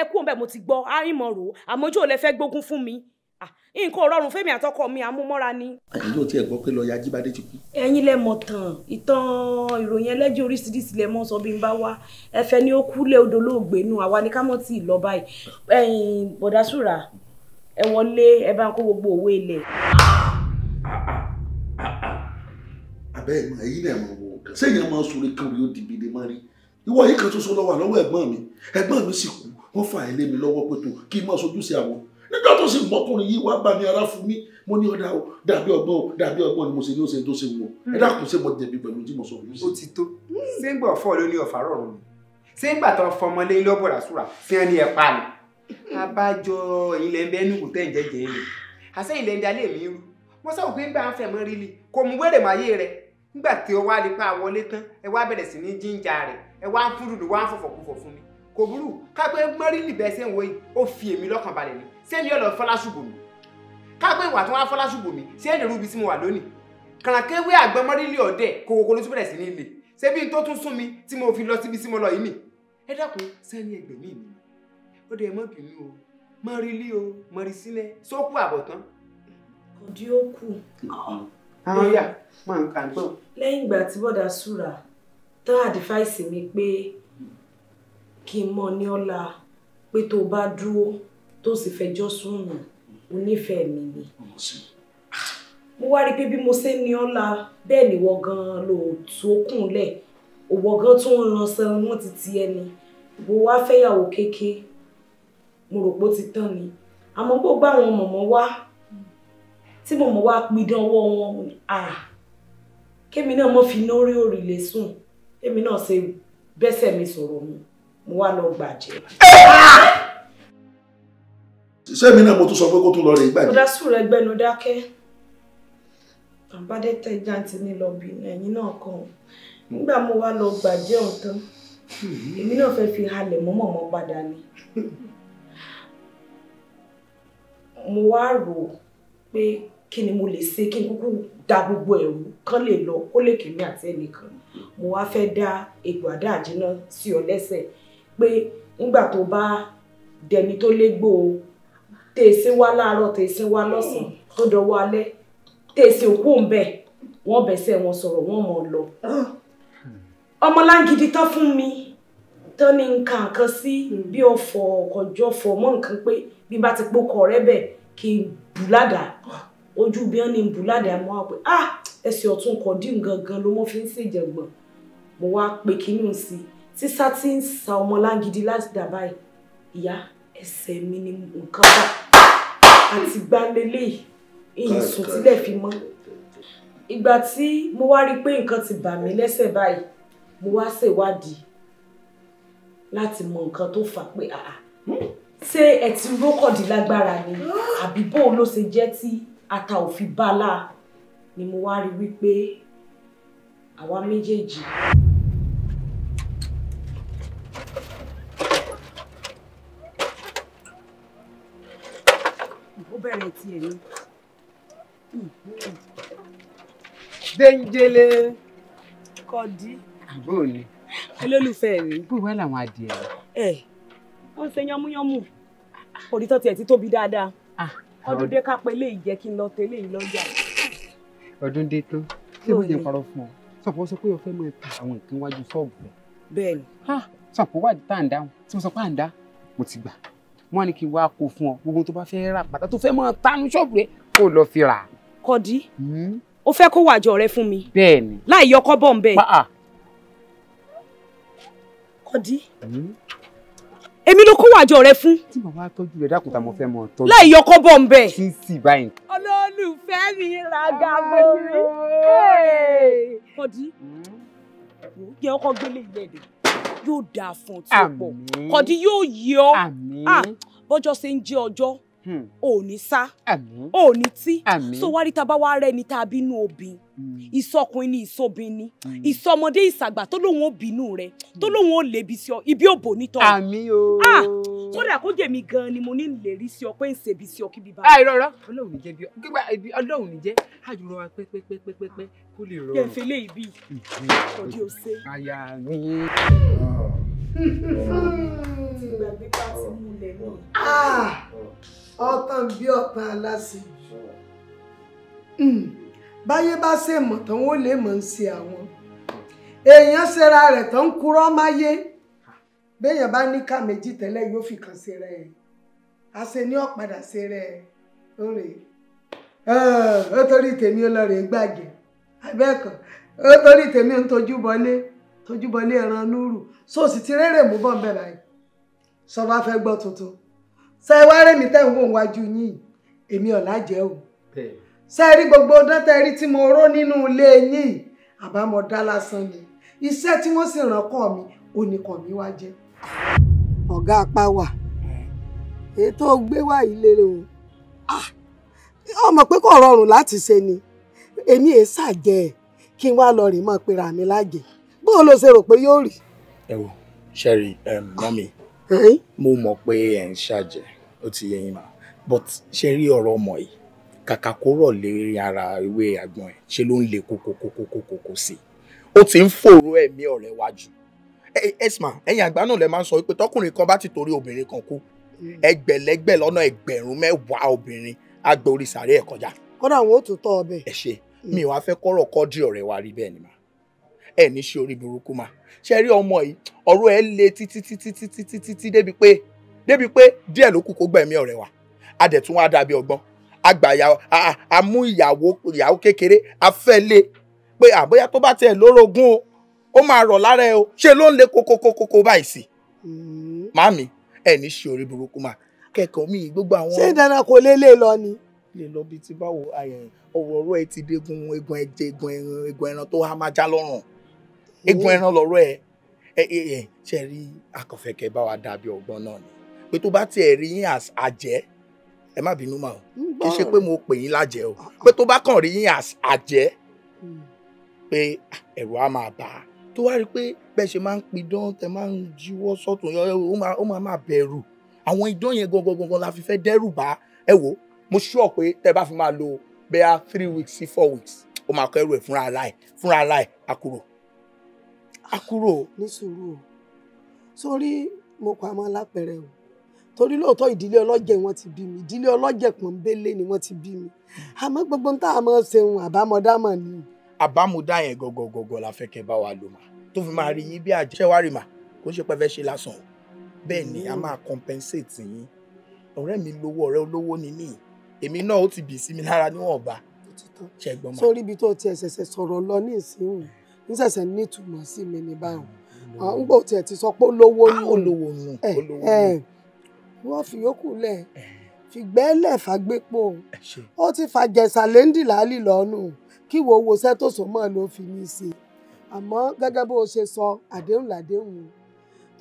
ẹ kú òun bẹ́ẹ̀ mo ti gbọ́ àìmọ̀ rò àmójú ò lè fẹ́ gbógun fún mi nǹkan ọ̀rọ̀rùn fẹ́mi àtọkọ mi àmúmọ́ra ni. ẹ̀yin yóò tiẹ̀ gbọ́ pé lọ́ọ̀yà Ajíbádé ti kú. ẹ̀yin lẹ mọ̀ tán ìtàn ìròyìn ẹlẹ́jẹ̀ oríṣiríṣi lẹ mọ̀ sọ bí n bá wá ẹ̀fẹ̀ ni ó kú lé odò lóògbé nù àwa ni ká mọ̀ tí ì lọ báyìí. bọ̀dásùrà ẹ wọlé ẹ bá ń kó gbogbo òwe ilẹ̀. àbẹ́ ẹ̀gbọ́n ẹ̀yin náà mọ̀ wò kàn sẹ́yìn máa sọ̀rọ̀ kan rí ó dìbìdì máa rí ìwọ yìí kan ṣoṣo ló lọ́wọ́ wọ́n fà ilé mi lọ́wọ́ pé tó kí n má sojú sí àwọn nígbà tó sì mọkùnrin yìí wá bá mi ara fún mi mo ní ọ̀dà dàbí ọgbọ́n dàbí ọgbọ́n ni mo ṣe ní oṣù tó ṣe wù ẹ dákun ṣé mo jẹ̀bi pẹ̀lú tí mo sọ fún mi. ó ti tó ṣé ń gbọ́ fọ́ ló ní ọ̀fà rọ̀rùn ni ṣé ń gbàtọ̀ fọmọlé lọ́bọ̀rà súra ṣé ń ní ẹ ni. abájọ ilẹ̀ ń bẹ́ nùkú tẹ̀ ń jẹ́jẹ́ rẹ̀ àṣẹ ilẹ̀ ń dalẹ̀ mi rú mo sáwọn pé ń bá ń fẹ̀ rí ni kò mú wẹ́rẹ̀ máyé rẹ̀ nígbà tí kò burú kápẹ́ mọ́rìlì bẹ́ẹ̀ ṣe ń wòye ó fi èmi lọ́kàn balẹ̀ ni sẹ́mi ọ̀lọ́ fọláṣùgbò mi kápẹ́ ìwà tó wá fọláṣùgbò mi ṣé ẹ̀ lérú ibi tí mo wà lónìí kàràkéwé àgbọn mọ́rìlì ọ̀dẹ̀ kòkòkò ló tún bẹ̀rẹ̀ sí ní ilé ṣé bí n tó tún sún mi tí mo fi lọ síbi tí mo lọ yìí nì ẹ dákun sẹ́ni ẹgbẹ̀mí mi ó dẹ̀ mọ́ bínú o mọ́rìlì o mọ́rì sílẹ̀ sókù àbọ̀tán. kò dí ó kù. àwọn yà máa ń kà ń tán. lẹ́yìn ìgbà àdífáìsì mi pé kí n mọ̀ ní ọ̀la pé tó o bá dúró tó sì fẹjọ́ sùn nù onífẹ̀ẹ́ mi ni mo wá rí i pé bí mo ṣe ní ọ̀la bẹ́ẹ̀ ni wọ́n gan-an lò tó kúnlẹ̀ òwò gan tó ń ran san wọ́n ti ti ẹni mo wá fẹ́yàwó kéke mo rò pé ó ti tán ni àmọ́ bó gbá àwọn mọ̀mọ́ wá tí mọ̀mọ́ wá pidánwọ́ wọn à kémi náà mọ́ fi nórí òrìlé sùn kémi náà ṣe bẹ́sẹ̀ mi sọ̀rọ̀ mu mo wá lọ gbàjẹ́. ṣé mi náà mo tún sọ pé kó tún lọ rè gbàjẹ́. ọ̀dà sùn rẹ̀ gbẹnu dákẹ́ àbádẹ́tẹ̀ jáǹtì ní lọ́bì ẹ̀yìn náà kàn nígbà mo wá lọ gbàjẹ́ ọ̀tán èmi náà fẹ́ fi halẹ̀ mọ́mọ́ mọ́ padà ni mo wá rò ó pé kí ni mo lè ṣe kí n kúkú da gbogbo ẹ̀rù kán lè lọ kó lè kèmí àti ẹnìkan mo wá fẹ́ dá egbò àdáàjì sí ọ lẹ́sẹ̀ pé nígbà tó bá dẹni tó légbò o tèsí wá láàárọ̀ tèsí wá lọ́sàn-án tó dọwọ́ alẹ́ tèsí òkú òǹbẹ̀ wọ́n bẹ̀sẹ̀ wọn sọ̀rọ̀ wọ́n mọ̀ lọ. ọmọláńgidi tán fún mi tán ní nǹkan kan sí bí ọ̀fọ̀ ọ̀kànjọ́ fọ̀ mọ́ nǹkan pé bí bá ti pokọ̀ rẹ bẹ̀ kí n bù ládàá ojú bí wọ́n ní n bù ládàá mo wá pé ah ẹsẹ̀ ọ̀tún kọ̀ dín gangan ló mọ́ fi ń ṣèjàngbọ̀n mo wá pe kínú sí i sísá tí ń sa ọmọ lágidi láti dà báyìí ìyá ẹsẹ̀ mi ni nǹkan bá àti gbá lélẹ́yìí ìyìn sùn tílẹ̀ fi mọ́ ìgbà tí mo wá rí i pé nǹkan ti bà mí lẹ́sẹ̀ báyìí mo wá ṣèwádìí láti mọ nǹkan tó fà pé àà ṣé ẹ ti rókọ̀dí lágbára ni àbí bóun ló ṣe jẹ́ tí ata ò fi bá a láà ni mo wá rí wípé àwa méjèèjì bẹ̀rẹ̀ tiẹ̀ ni. déńjélé. kọ́dí. àbó ni. olólùfẹ́ mi. bó wá làwọn adìẹ rẹ. ẹ wọn ṣe yánmúyánmú òrítọ́ tiẹ̀ ti tóbi dáadáa ah, ọdún dé kápẹ́ lè jẹ́ kí n lọ tẹ́lẹ̀ yìí lọ́jà. ọdún dé tó ṣé wọ́n yẹn parọ́ fún ọ sọ̀pọ̀ sọ pé o fẹ́ mọ ta àwọn nǹkan iwájú ṣọ́ọ̀bù rẹ. bẹ́ẹ̀ni. sọ̀pọ̀ wà tá à ń dáhùn tí mo sọ pé à ń dá mo ti gbà wọ́n á ní kí n wá kó fún ọ gbogbo tó bá fẹ́ rà pátá tó fẹ́ mọ́ tánú ṣọ́ọ̀bù rẹ kó lọ fi rà. kọ́dí ó hmm? fẹ́ kó wàjọ rẹ fún mi. bẹ́ẹ̀ni. láì yọkọ bọ̀ nbẹ. kọ́dí hmm? èmi ló kó wàjọ rẹ fún. tí màmá tọ́jú rẹ dákùtà mo fẹ́ mọ tọ́jú. láì yọkọ bọ̀ nbẹ. sí sí báyìí. olólùfẹ́ mi ràgàbọ̀ mi. kọ́dí yẹ hmm? ọkọ gbélé ìgbẹ́dẹ̀ yóò dáa fún ọ tí ó pọ̀ kọ̀dí yóò yí ọ ah, bọ́jọ́ ṣe ń jẹ́ ọjọ́ hmm. òní sá òní tí so wá rí tabá wá rẹ ní tá a bínú obìn hmm. ìsọkùnrin ni ìsọbìn ni hmm. ìsọmọdé ìsàgbà tó lóun ò bínú rẹ tó lóun ò lèbi sí ọ ibi ò bò nítọ. àmì o. Ah, kódà kó jèmi gan ni mo ní ìlérí sí ọ pé ń ṣèbi sí ọ kí bíbá. àì ah, rọrọ Ọlọ́run ní jẹ bí gbígbà ibi Ọlọ́run ní jẹ àjùrọ wa pẹpẹpẹpẹpẹ kó lè rọrùn. kẹfẹ lè bí ọdí ọsẹ. àyà mi. Ah! ọtàn bí ọtàn aláṣẹ hmm. báyé bá ṣe mọ̀ tán ó lè mọ̀ ń ṣe àwọn èèyàn ṣera rẹ̀ tán ń kúrọ́ máyé béèyàn bá ní ká méjì tẹ́lẹ̀ yóò fi kàn ṣe rẹ̀ àṣẹ ní ọ̀padà ṣe rẹ̀ lóore ó torí tèmi ó lọ rè é gbàgẹ̀ abẹ́ẹ̀kọ́ ó torí tèmi ń tojú bọlé tójúbọlé ẹran núrù so sì ti rérè mú bọ́ǹ bẹ́ẹ̀ báyìí sọba fẹ́ gbọ́ tuntun ṣe wá rèmi tẹ́ ń wò wájú yín èmi ọ̀la jẹ́ o ṣe rí gbogbo dọ́tẹ́ rí tí mo ró nínú ilé yín àbámọ̀ dá lásán ni iṣẹ́ tí wọ́n sì ràn kọ́ mi oníkan mi wá jẹ́. ọ̀gá apá wà ètò gbé wá ilé o ọmọ pé kò rọrùn láti ṣe ni èmi èé ṣàjẹ́ kí n wá lọ rìn mọ́ pera mi lájẹ́ bó o ṣe rò pé yóò rí. ẹ wo sherry mọ́mí mo mọ̀ pé ẹ̀ ń ṣàjẹ́ ó ti yẹ mà but ṣe rí ọ̀rọ̀ ọmọ yìí kàkà kó rọ̀ lérí ara ewé àgbọn ẹ̀ ṣe ló ń le kókókókókókó sí i ó ti ń fòrò ẹ̀mí ọ̀rẹ́ wa esma ẹ̀yin àgbà náà lè máa ń sọ pé tọkùnrin kan bá ti torí obìnrin kan kú ẹgbẹ̀lẹ́gbẹ̀ lọ́nà ẹgbẹ̀rún mẹ́wàá obìnrin á orí sàárẹ̀ ẹ̀ kọjá. kódà àwọn ò tún tọ́ ọbẹ̀. ẹ ṣe mi ò wá fẹ́ kọ́rọ̀ kọ́dí ọ̀rẹ́ wa rí bẹ́ẹ̀ ni mà ẹ ní ṣe orí burúkú mà ṣe rí ọmọ yìí ọ̀rọ̀ ẹ le títí títí títí títí tí débi pé débi pé díẹ̀ ló kù kó gbẹ̀mí ọ̀rẹ́ wa adẹ̀tún wa dàbí ọgbọ́n agbàyà amú ìyàwó ìyàwó kékeré afẹ́lé pé àbóyá tó bá tiẹ̀ lórogún o ó máa rọ̀ lára ẹ o ṣe ló ń le kókókókókó báyìí sí. Hmm. màámi ẹ ní ṣe orí burúkú mà kẹkọọ mi gbogbo àwọn. ṣé dandan kò lé lè lọ ni. lè lọ bíi ti báwo ọ̀rọ̀ ọ̀rọ̀ ẹ ti dégun egun ẹ̀jẹ̀ egun ẹran tó há máa já lọ́rùn egun ẹran lọ́rọ̀ ẹ ẹ ẹ ṣe rí akọ̀fẹ́kẹ́ bá wa dàbí ọgbọ́n náà ni pé tó bá tiẹ̀ rí yín as àjẹ́ ẹ má bínú mà o kì í ṣe pé mo pè yín lájẹ́ o ah, ah. pé tó bá kàn rí yín as àjẹ́ hmm. pé ah, ẹ̀rù á máa bà á tó wá rí i pé bẹ́ẹ̀ ṣe máa ń pidán tẹ máa ń jíwọ́ sọ́tún ó máa máa bẹ̀rù àwọn idán yẹn gangan gangan la fi fẹ́ dẹ́rù bá ẹ wò mo sure pé tẹ bá fi máa lo bẹ́ẹ̀ three weeks sí four weeks ó máa kọ ẹrù ẹ̀ fúnra ara ẹ̀ fúnra ara àkùrọ̀ á kúrò. ní sùúrù o sórí mo kọ àmọ́ lápẹ̀rẹ̀ o torí lóòótọ́ ìdílé ọlọ́jẹ̀ wọn ti bí mi ìdílé ọlọ́jẹ̀ pọ̀nbélé ni wọ́n ti bí mi àmọ́ gbogbo ń tá a mọ̀ ṣeun àbámọ̀dá mọ̀ ni. àbámọ̀dá yẹn gọ̀gọ̀gọ̀gọ̀ la fẹ́ kẹ́ bá wa lò mà tó fi máa rí yín bí àjẹṣẹ́ wa rí mà kó ṣe pẹ́ fẹ́ ṣe lásán o bẹ́ẹ̀ ni a máa compensate yín ọ̀rẹ́ mi lówó ọ̀rẹ́ olówó ni ní èmi náà ó ti bì sí mi lára níwọ̀nba ṣẹ́gbọ́n mà. sórí ibi tó ti ẹ̀ṣẹ̀ṣẹ̀ sọ̀rọ̀ lọ ní ìsinyìí ń ṣẹ̀ṣẹ̀ nítumọ̀ sí mi ní báyìí mm. ah, n gbọ́ tiẹ̀ ti sọ pé olówó ah, ni olówó eh, eh, ni wọ́n fi yókù lẹ̀ eh. fìgbẹ́lẹ̀ fàgbépo ó ti fàjẹsà lẹ́ńdì láàlì kí wo wo sẹ́tòsọ́mọ́ ló fi ní í ṣe àmọ́ gẹ́gẹ́ bó o ṣe sọ àdéhùn làdéhùn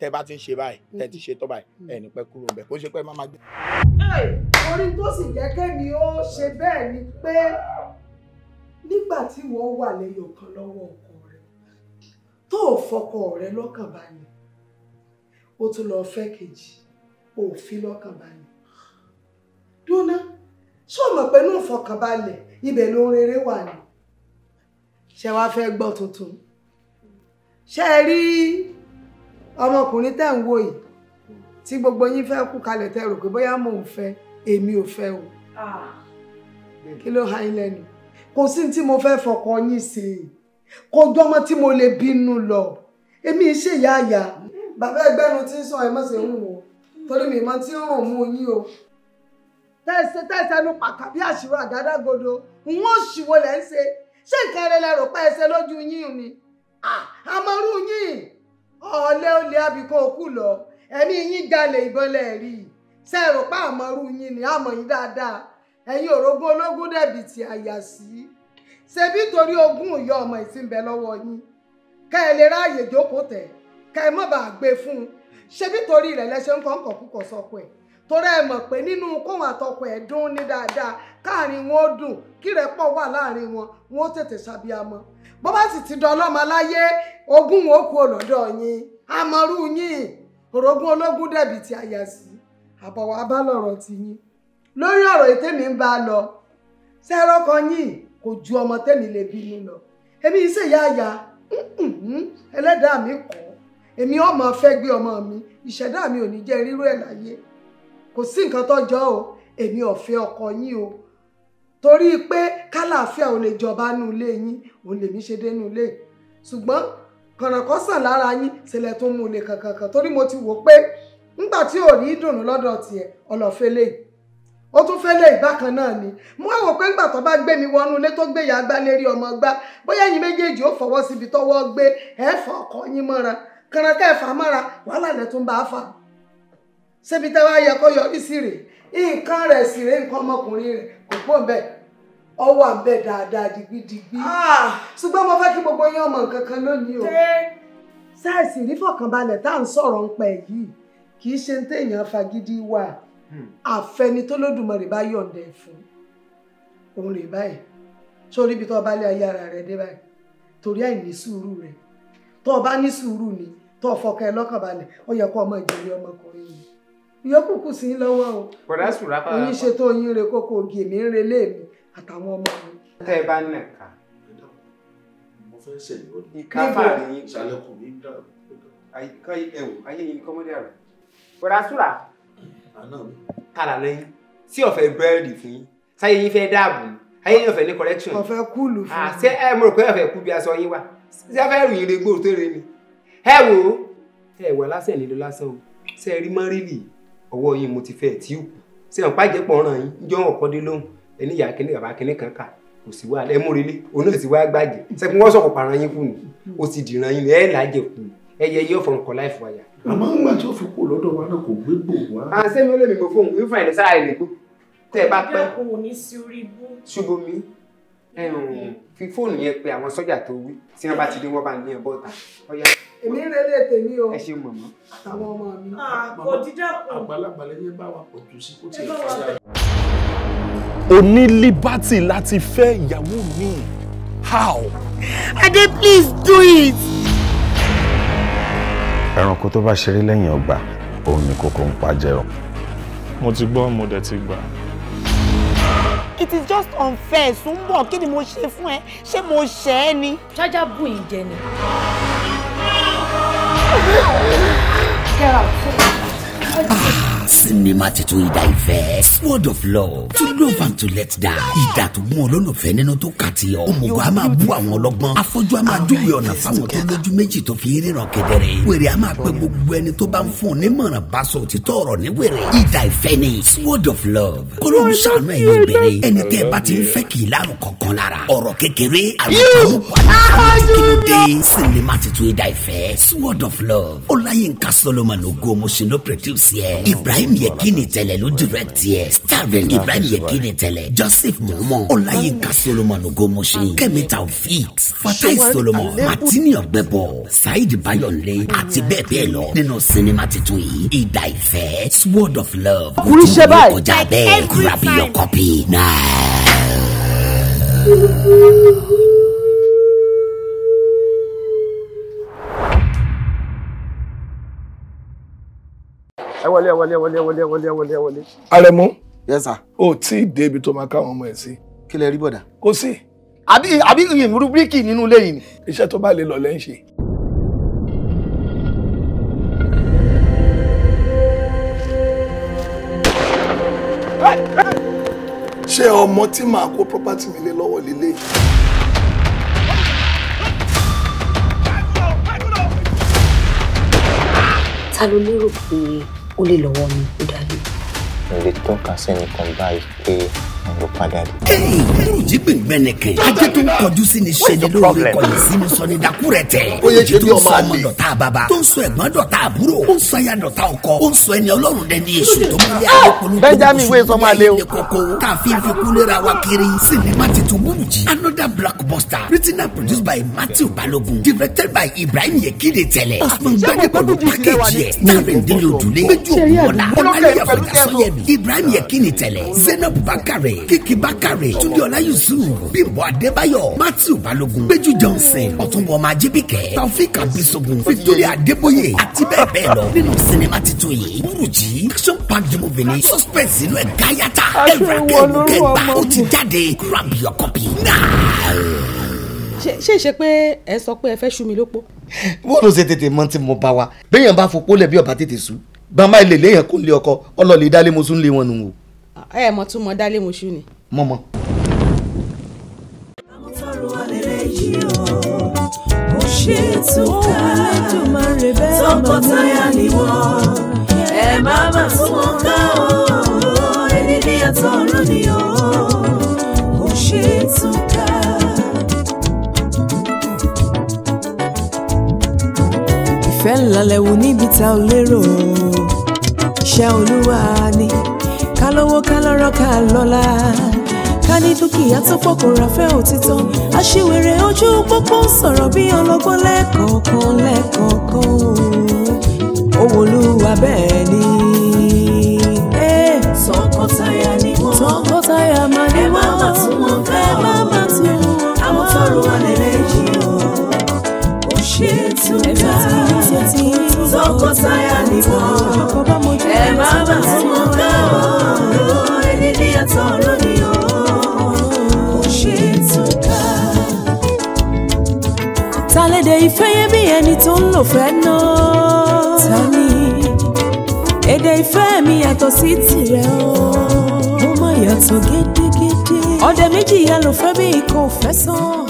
tẹ bá ti ń ṣe báyìí tẹ ti ṣe tọ́ báyìí ẹni pẹ́ kúrò bẹ̀ kó ṣe pé má gbé. orí tó sì jẹ́ kẹ́mi ó ṣe bẹ́ẹ̀ ni pé nígbà tí wọ́n wà lẹ́yìn ọ̀kan lọ́wọ́ ọkọ rẹ̀ tó o fọkọ rẹ̀ lọ́kàn balẹ̀ o tún lọ fẹ́ kejì o ò fi lọ́kàn balẹ̀ dúnà ṣé o mọ̀ pé ní ìfọkànbalẹ̀ ibẹ̀ ló ń rere wà ní ṣé wàá fẹ́ gbọ́ tuntun ṣé ẹ rí ọmọkùnrin tẹ̀ ń wò yìí tí gbogbo yín fẹ́ kú kalẹ̀ tẹ́ rò pé bóyá mò ń fẹ́ èmi ò fẹ́ o ah. kí ló ha yín lẹ́nu kò sí tí mo fẹ́ fọkọ yín ṣe kò jọ ọmọ tí mo lè bínú lọ èmi ṣe ìyá àyà bàbá ẹgbẹ́nu tí ń sọ ẹ̀ mọ̀sẹ̀ ń wò torí mi mọ tí ń rùn mú yín o tẹ́sẹ̀ tẹ́sẹ̀ ló pàkà bí àṣírò àgádágodo wọ́n ṣìwọ́ lẹ́ ń ṣe ṣé nǹkan rẹ̀ lẹ́rọ̀ pa ẹsẹ̀ lójú yín ni àmọ́rú ah, yín ọ̀ọ́lẹ́ ó lé abìkọ́ òkú lọ ẹ̀mí yín jalè ìbọn lẹ́ẹ̀rí sẹ́ẹ̀rù pa àmọ́rú yín ni àmọ́ yín dáadáa ẹ̀yin òrógún ológun dẹ̀bì ti àyà sí ṣebí torí ogún ìyá ọmọ ìsìnbẹ lọ́wọ́ yín kẹ́ ẹ lè ráàyè jókòó tẹ̀ kẹ́ ẹ mọ̀ bá gbé fún un ṣebí torí rẹ̀ lẹ́sẹ̀ ń kọ́ńkọ́ púpọ̀ sọ́kọ ẹ̀ torí ẹ mọ̀ pé nínú kóhun àtọkọ ẹ̀ dún ní dáadáa káàrin wọn ó dùn kí rẹ̀ pọ̀ wà láàrin wọn wọn ó tètè ṣàbíamọ́ bó bá sì ti dán ọlọ́mọ láyé ogún wọn ó kú ọlọ́dọ̀ yín àmọ́rú yín orogún ológun dẹ̀bi ti àyà sí àbọ̀wọ̀ abálọ̀rọ̀ ti yín lórí ọ̀rọ̀ ètèmi ń bá a lọ sẹ́rọ́kọ yín kò ju ọmọ tẹ́mi lè bínú lọ èmi ìṣe ìyá àyà ẹlẹ́dàá mi kọ́ èmi ọmọ fẹ́ gbé ọmọ mi ìṣẹ̀dá mi ò ní jẹ́ rírú ẹ̀ láyé kò sí nǹkan tó o èmi ọ̀fẹ́ ọkọ yín o torí pé kálàáfíà ò lè jọba nù ilé yín òun lèmi ṣe dé nù ilé ṣùgbọ́n kànàkọ́ sàn lára yín ṣẹlẹ̀ tó mú un lè torí mo ti wò pé nígbà tí ò rí dùnnú lọ́dọ̀ tiẹ̀ ọlọ́fẹ́ lè ó tún ni mo wá wò pé tó bá gbé mi wọnú ilé tó gbé yàgbá ọmọ gbá bóyá méjèèjì ó fọwọ́ síbi ọkọ yín mọ́ra ẹ̀fà mọ́ra wàhálà lẹ́tún bá fà ṣébi nǹkan rẹ̀ sì rẹ̀ nǹkan ọmọkùnrin rẹ̀ kò pọ̀ ń bẹ̀ ọ wà ń bẹ̀ dáadáa digbidigbi ah! ṣùgbọ́n mo fẹ́ kí gbogbo yín ọmọ nǹkan lónìí o sáàsì rí fọkànbalẹ̀ tá à ń sọ̀rọ̀ ń yìí wà hmm. àfẹni tó bá yọ̀ǹda ẹ̀ fún òun rè báyìí sórí ibi tó o bá ayé ara rẹ dé báyìí torí àìní sùúrù rẹ tó o bá ní ni tó o fọkàn yòókù kù sí lọ́wọ́ o oyin ṣètò oyin re kókó ògì mi ń relé mi àtàwọn ọmọ mi. tẹ́ ẹ bá ń nà ká. mo fẹ́ ṣèyí ó ní. ìkáfà ni ìṣàlẹ̀kùn mi ń dàrú. àyíká ẹ̀wò ayé yìí kọ́ mọ́dé àrùn. bọ̀dásùrà. àná mi. kàlà lẹ́yìn sí ọ̀fẹ́ búrẹ́dì fún yín sáyé yín fẹ́ dáàbò ayé yín ọ̀fẹ́ ní correction. ọ̀fẹ́ kúlù fún mi. ṣé ẹ mo rò pé ọ̀fẹ́ kú bí aṣọ yín wá ṣé fẹ́ rìn ìrègbò tó rẹ ni. ẹ wò ó ẹ wọ lásẹ̀ nílò lásán o ṣe é rí mọ́rìlì yìí ọwọ́ yín mo ti fẹ́ tí ò kù ṣé ọ̀pá ìjẹ́pọ̀ ọ̀ràn yín ń jọ ọ̀kọ́ dé lóhùn ẹni ìyá kíní bàbá kíní kan kà kò sí wàhálà ẹ múre lé òun náà ti wá gbàjẹ́ sẹ́kún wọ́n sọ̀kọ̀ pàrọ̀ yín kù ni ó ti dìran yín ẹ̀ lájẹ̀ kù ẹyẹ yóò fọ̀n kọ̀ láì fọ àyà. àmọ́ ńgbà tí ó fi kú lọ́dọ̀ wa náà kò gbé bò wá. à ń sẹ́mi olómi kò fóun ìfúnra ẹ̀ ní sáà bá pẹ́. kò ní sí orí bú. ṣùgbọ́n mi ẹ ò fi fóònù yẹn pe àwọn sọ́jà tó wí tí wọ́n bá ti dé wọ́n bá ń lé ẹ èmi rẹ lè tèmi o. ẹ ṣe mọ̀mọ́. àtàwọn ọmọ mi. kò dídá kù. àgbàlagbà lẹ́yìn bá wa pọ̀ sí kó tiẹ̀ fọ́jà. o ní líbátì láti fẹ́ ìyàwó mi how. Adé please do it. ẹranko tó bá ṣeré lẹ́yìn ọgbà òun ni kókó ń pa jẹun. mo ti gbọ́ mo dẹ̀ ti gbà it is just unfair Sùnbọ̀ kí ni mo ṣe fún ẹ ṣé mo ṣẹ̀ ẹ́ ni. ṣájà bù ìjẹ get out sinimá ti tún diverse word of love to love and to let die. ìdà tó mú ọlọ́lọ́fẹ́ nínú tó kà ti yọ. òmùgọ̀ a máa bú àwọn ọlọ́gbọ́n. afọ́jú a máa júwe ọ̀nà fáwọn tó lójú méjì tó fi ríran kedere. wèrè a máa pe gbogbo ẹni tó bá ń fún un nímọ̀ràn bá sọ òtítọ́ ọ̀rọ̀ ní wèrè. ìdà ìfẹ́ ni word of love. kọ́lọ́run ṣàánú ẹ̀yin obìnrin. ẹni tẹ́ ẹ bá ti ń fẹ́ kì í lárùn kankan lára. ọ̀rọ̀ kékeré àwọn ọmọ Ibrahim ibrahim yekini tẹlẹ ló direct yẹ starring ibrahim yekini tẹlẹ joseph mọmọ ọláyínká solomon ogomoṣe kẹmi taofik fatai solomon martini ọgbẹbọ saheed bayonle àti bẹ́ẹ̀ bẹ́ẹ̀ lọ nínú sinimá titun yìí ìdá ìfẹ́ sword of love kò tún kọjá bẹ́ẹ̀ grab your copy now. ẹ wọlé ẹ wọlé ẹ wọlé ẹ wọlé ẹ wọlé ẹ wọlé ẹ wọlé. Arẹ̀mú. yes sir. o tí ì débi tó káwọn ọmọ ẹ sí. kí lẹ rí bọ̀dà. kò sí. àbí àbí rúbíríkì nínú ilé yìí ni. iṣẹ́ tó bá lè lọ lẹ́ ń ṣe. ṣé ọmọ tí màá kó property mi lé lọ́wọ́ lélẹ̀. ta ló lérò pé ó lè lọ́wọ́ mi ó dàbí. mo lè tọ́ka sẹ́nìkan báyìí pé ló padà dé. burújí gbẹ̀ngbẹ̀ nìkan ajé tó ń kọjú sí ni ṣe ni lóore kọ̀yìn sí ni sọ ni dakúrẹ̀ tẹ̀. ó yẹ ṣe bí ọmọ tó ń sọ ọmọ dọ̀tá bàbá tó ń sọ ẹ̀gbọ́n dọ̀tá àbúrò ó ń sọ ya dọ̀tá ọkọ ó ń sọ ẹni ọlọ́run dẹni èṣù tó ah! mú ilé àlòkùnrin tó Benjamin wé sọmọ àlè o. káfíń fi kúlera wa kiri sinimá titun burújí another blockbuster written and produced by Matthew Balogun directed by Ibrahim Yekide tẹlẹ Osman gbadebolu bakare kìkì bakare túndéọlá yusuf bímbọ adébáyọ̀ matthew balógun péjú johnson ọ̀túnbọ̀ ọmọ ajibike taofik abisogun victoria adébóyè àti bẹ́ẹ̀ bẹ́ẹ̀ lọ nínú sinimá titun yìí burújí action packed movie ni suspense inú ẹ̀ gáyàtà ẹ̀rọ akẹ́wọ̀n kẹgbà ó ti jáde grab your copy now ṣe ṣe pé ẹ sọ pé ẹ fẹ́ ṣú mi lópó. wọ́n ló ṣe tètè mọ tí mo bá wa béèyàn bá fopó lẹ̀ bí ọba tètè sú bàmá ilé léèyàn kò lé ọkọ ọlọ́ọ̀lẹ́ dálé mo tún lé wọn nù o ẹ mọ̀ tún mọ dálé mọṣú ni. mọ mọ. tọkọtaya ni wọ́n ẹ má má tún wọn ká o ẹni ní àtọ̀run ni o kò ṣe tún ká. ìfẹ́ ńlá lẹ́wù níbi tá ò lérò iṣẹ́ olúwa ni ká lówó ká lọ́rọ̀ ká lọ́lá ká ní dúkìá tó pọ̀ kó ra fẹ́ òtítọ́ aṣiwèrè ojú pópó sọ̀rọ̀ bí ọlọ́gbọ́n lẹ́ẹ̀kọ̀ọ̀kan lẹ́ẹ̀kọ̀ọ̀kan Owólúwa bẹ́ẹ̀ ni. tọkọtaya ni wọ́n tọkọtaya máa ní wọ́n ẹ má má tún wọn fẹ́ má má tún wọn àwọn tọrọ wà lẹ́lẹ́ yìí o ó ṣe tún ká tọkọtaya ni wọ́n ẹ má má tún wọn ọ̀rẹ́ ọ̀rọ̀ ẹni ní ni ó ṣe tó ká. Tàlédè ìfẹ́yẹ́mí ẹni tó ń lò fẹ́ náà. Tani èdè ìfẹ́ mi yàtọ̀ sí tirẹ̀ o. Mo máa yàtọ̀ gédégédé. Ọdẹ méjì yà ló fẹ́ bí ikọ̀ òfẹ́ sàn.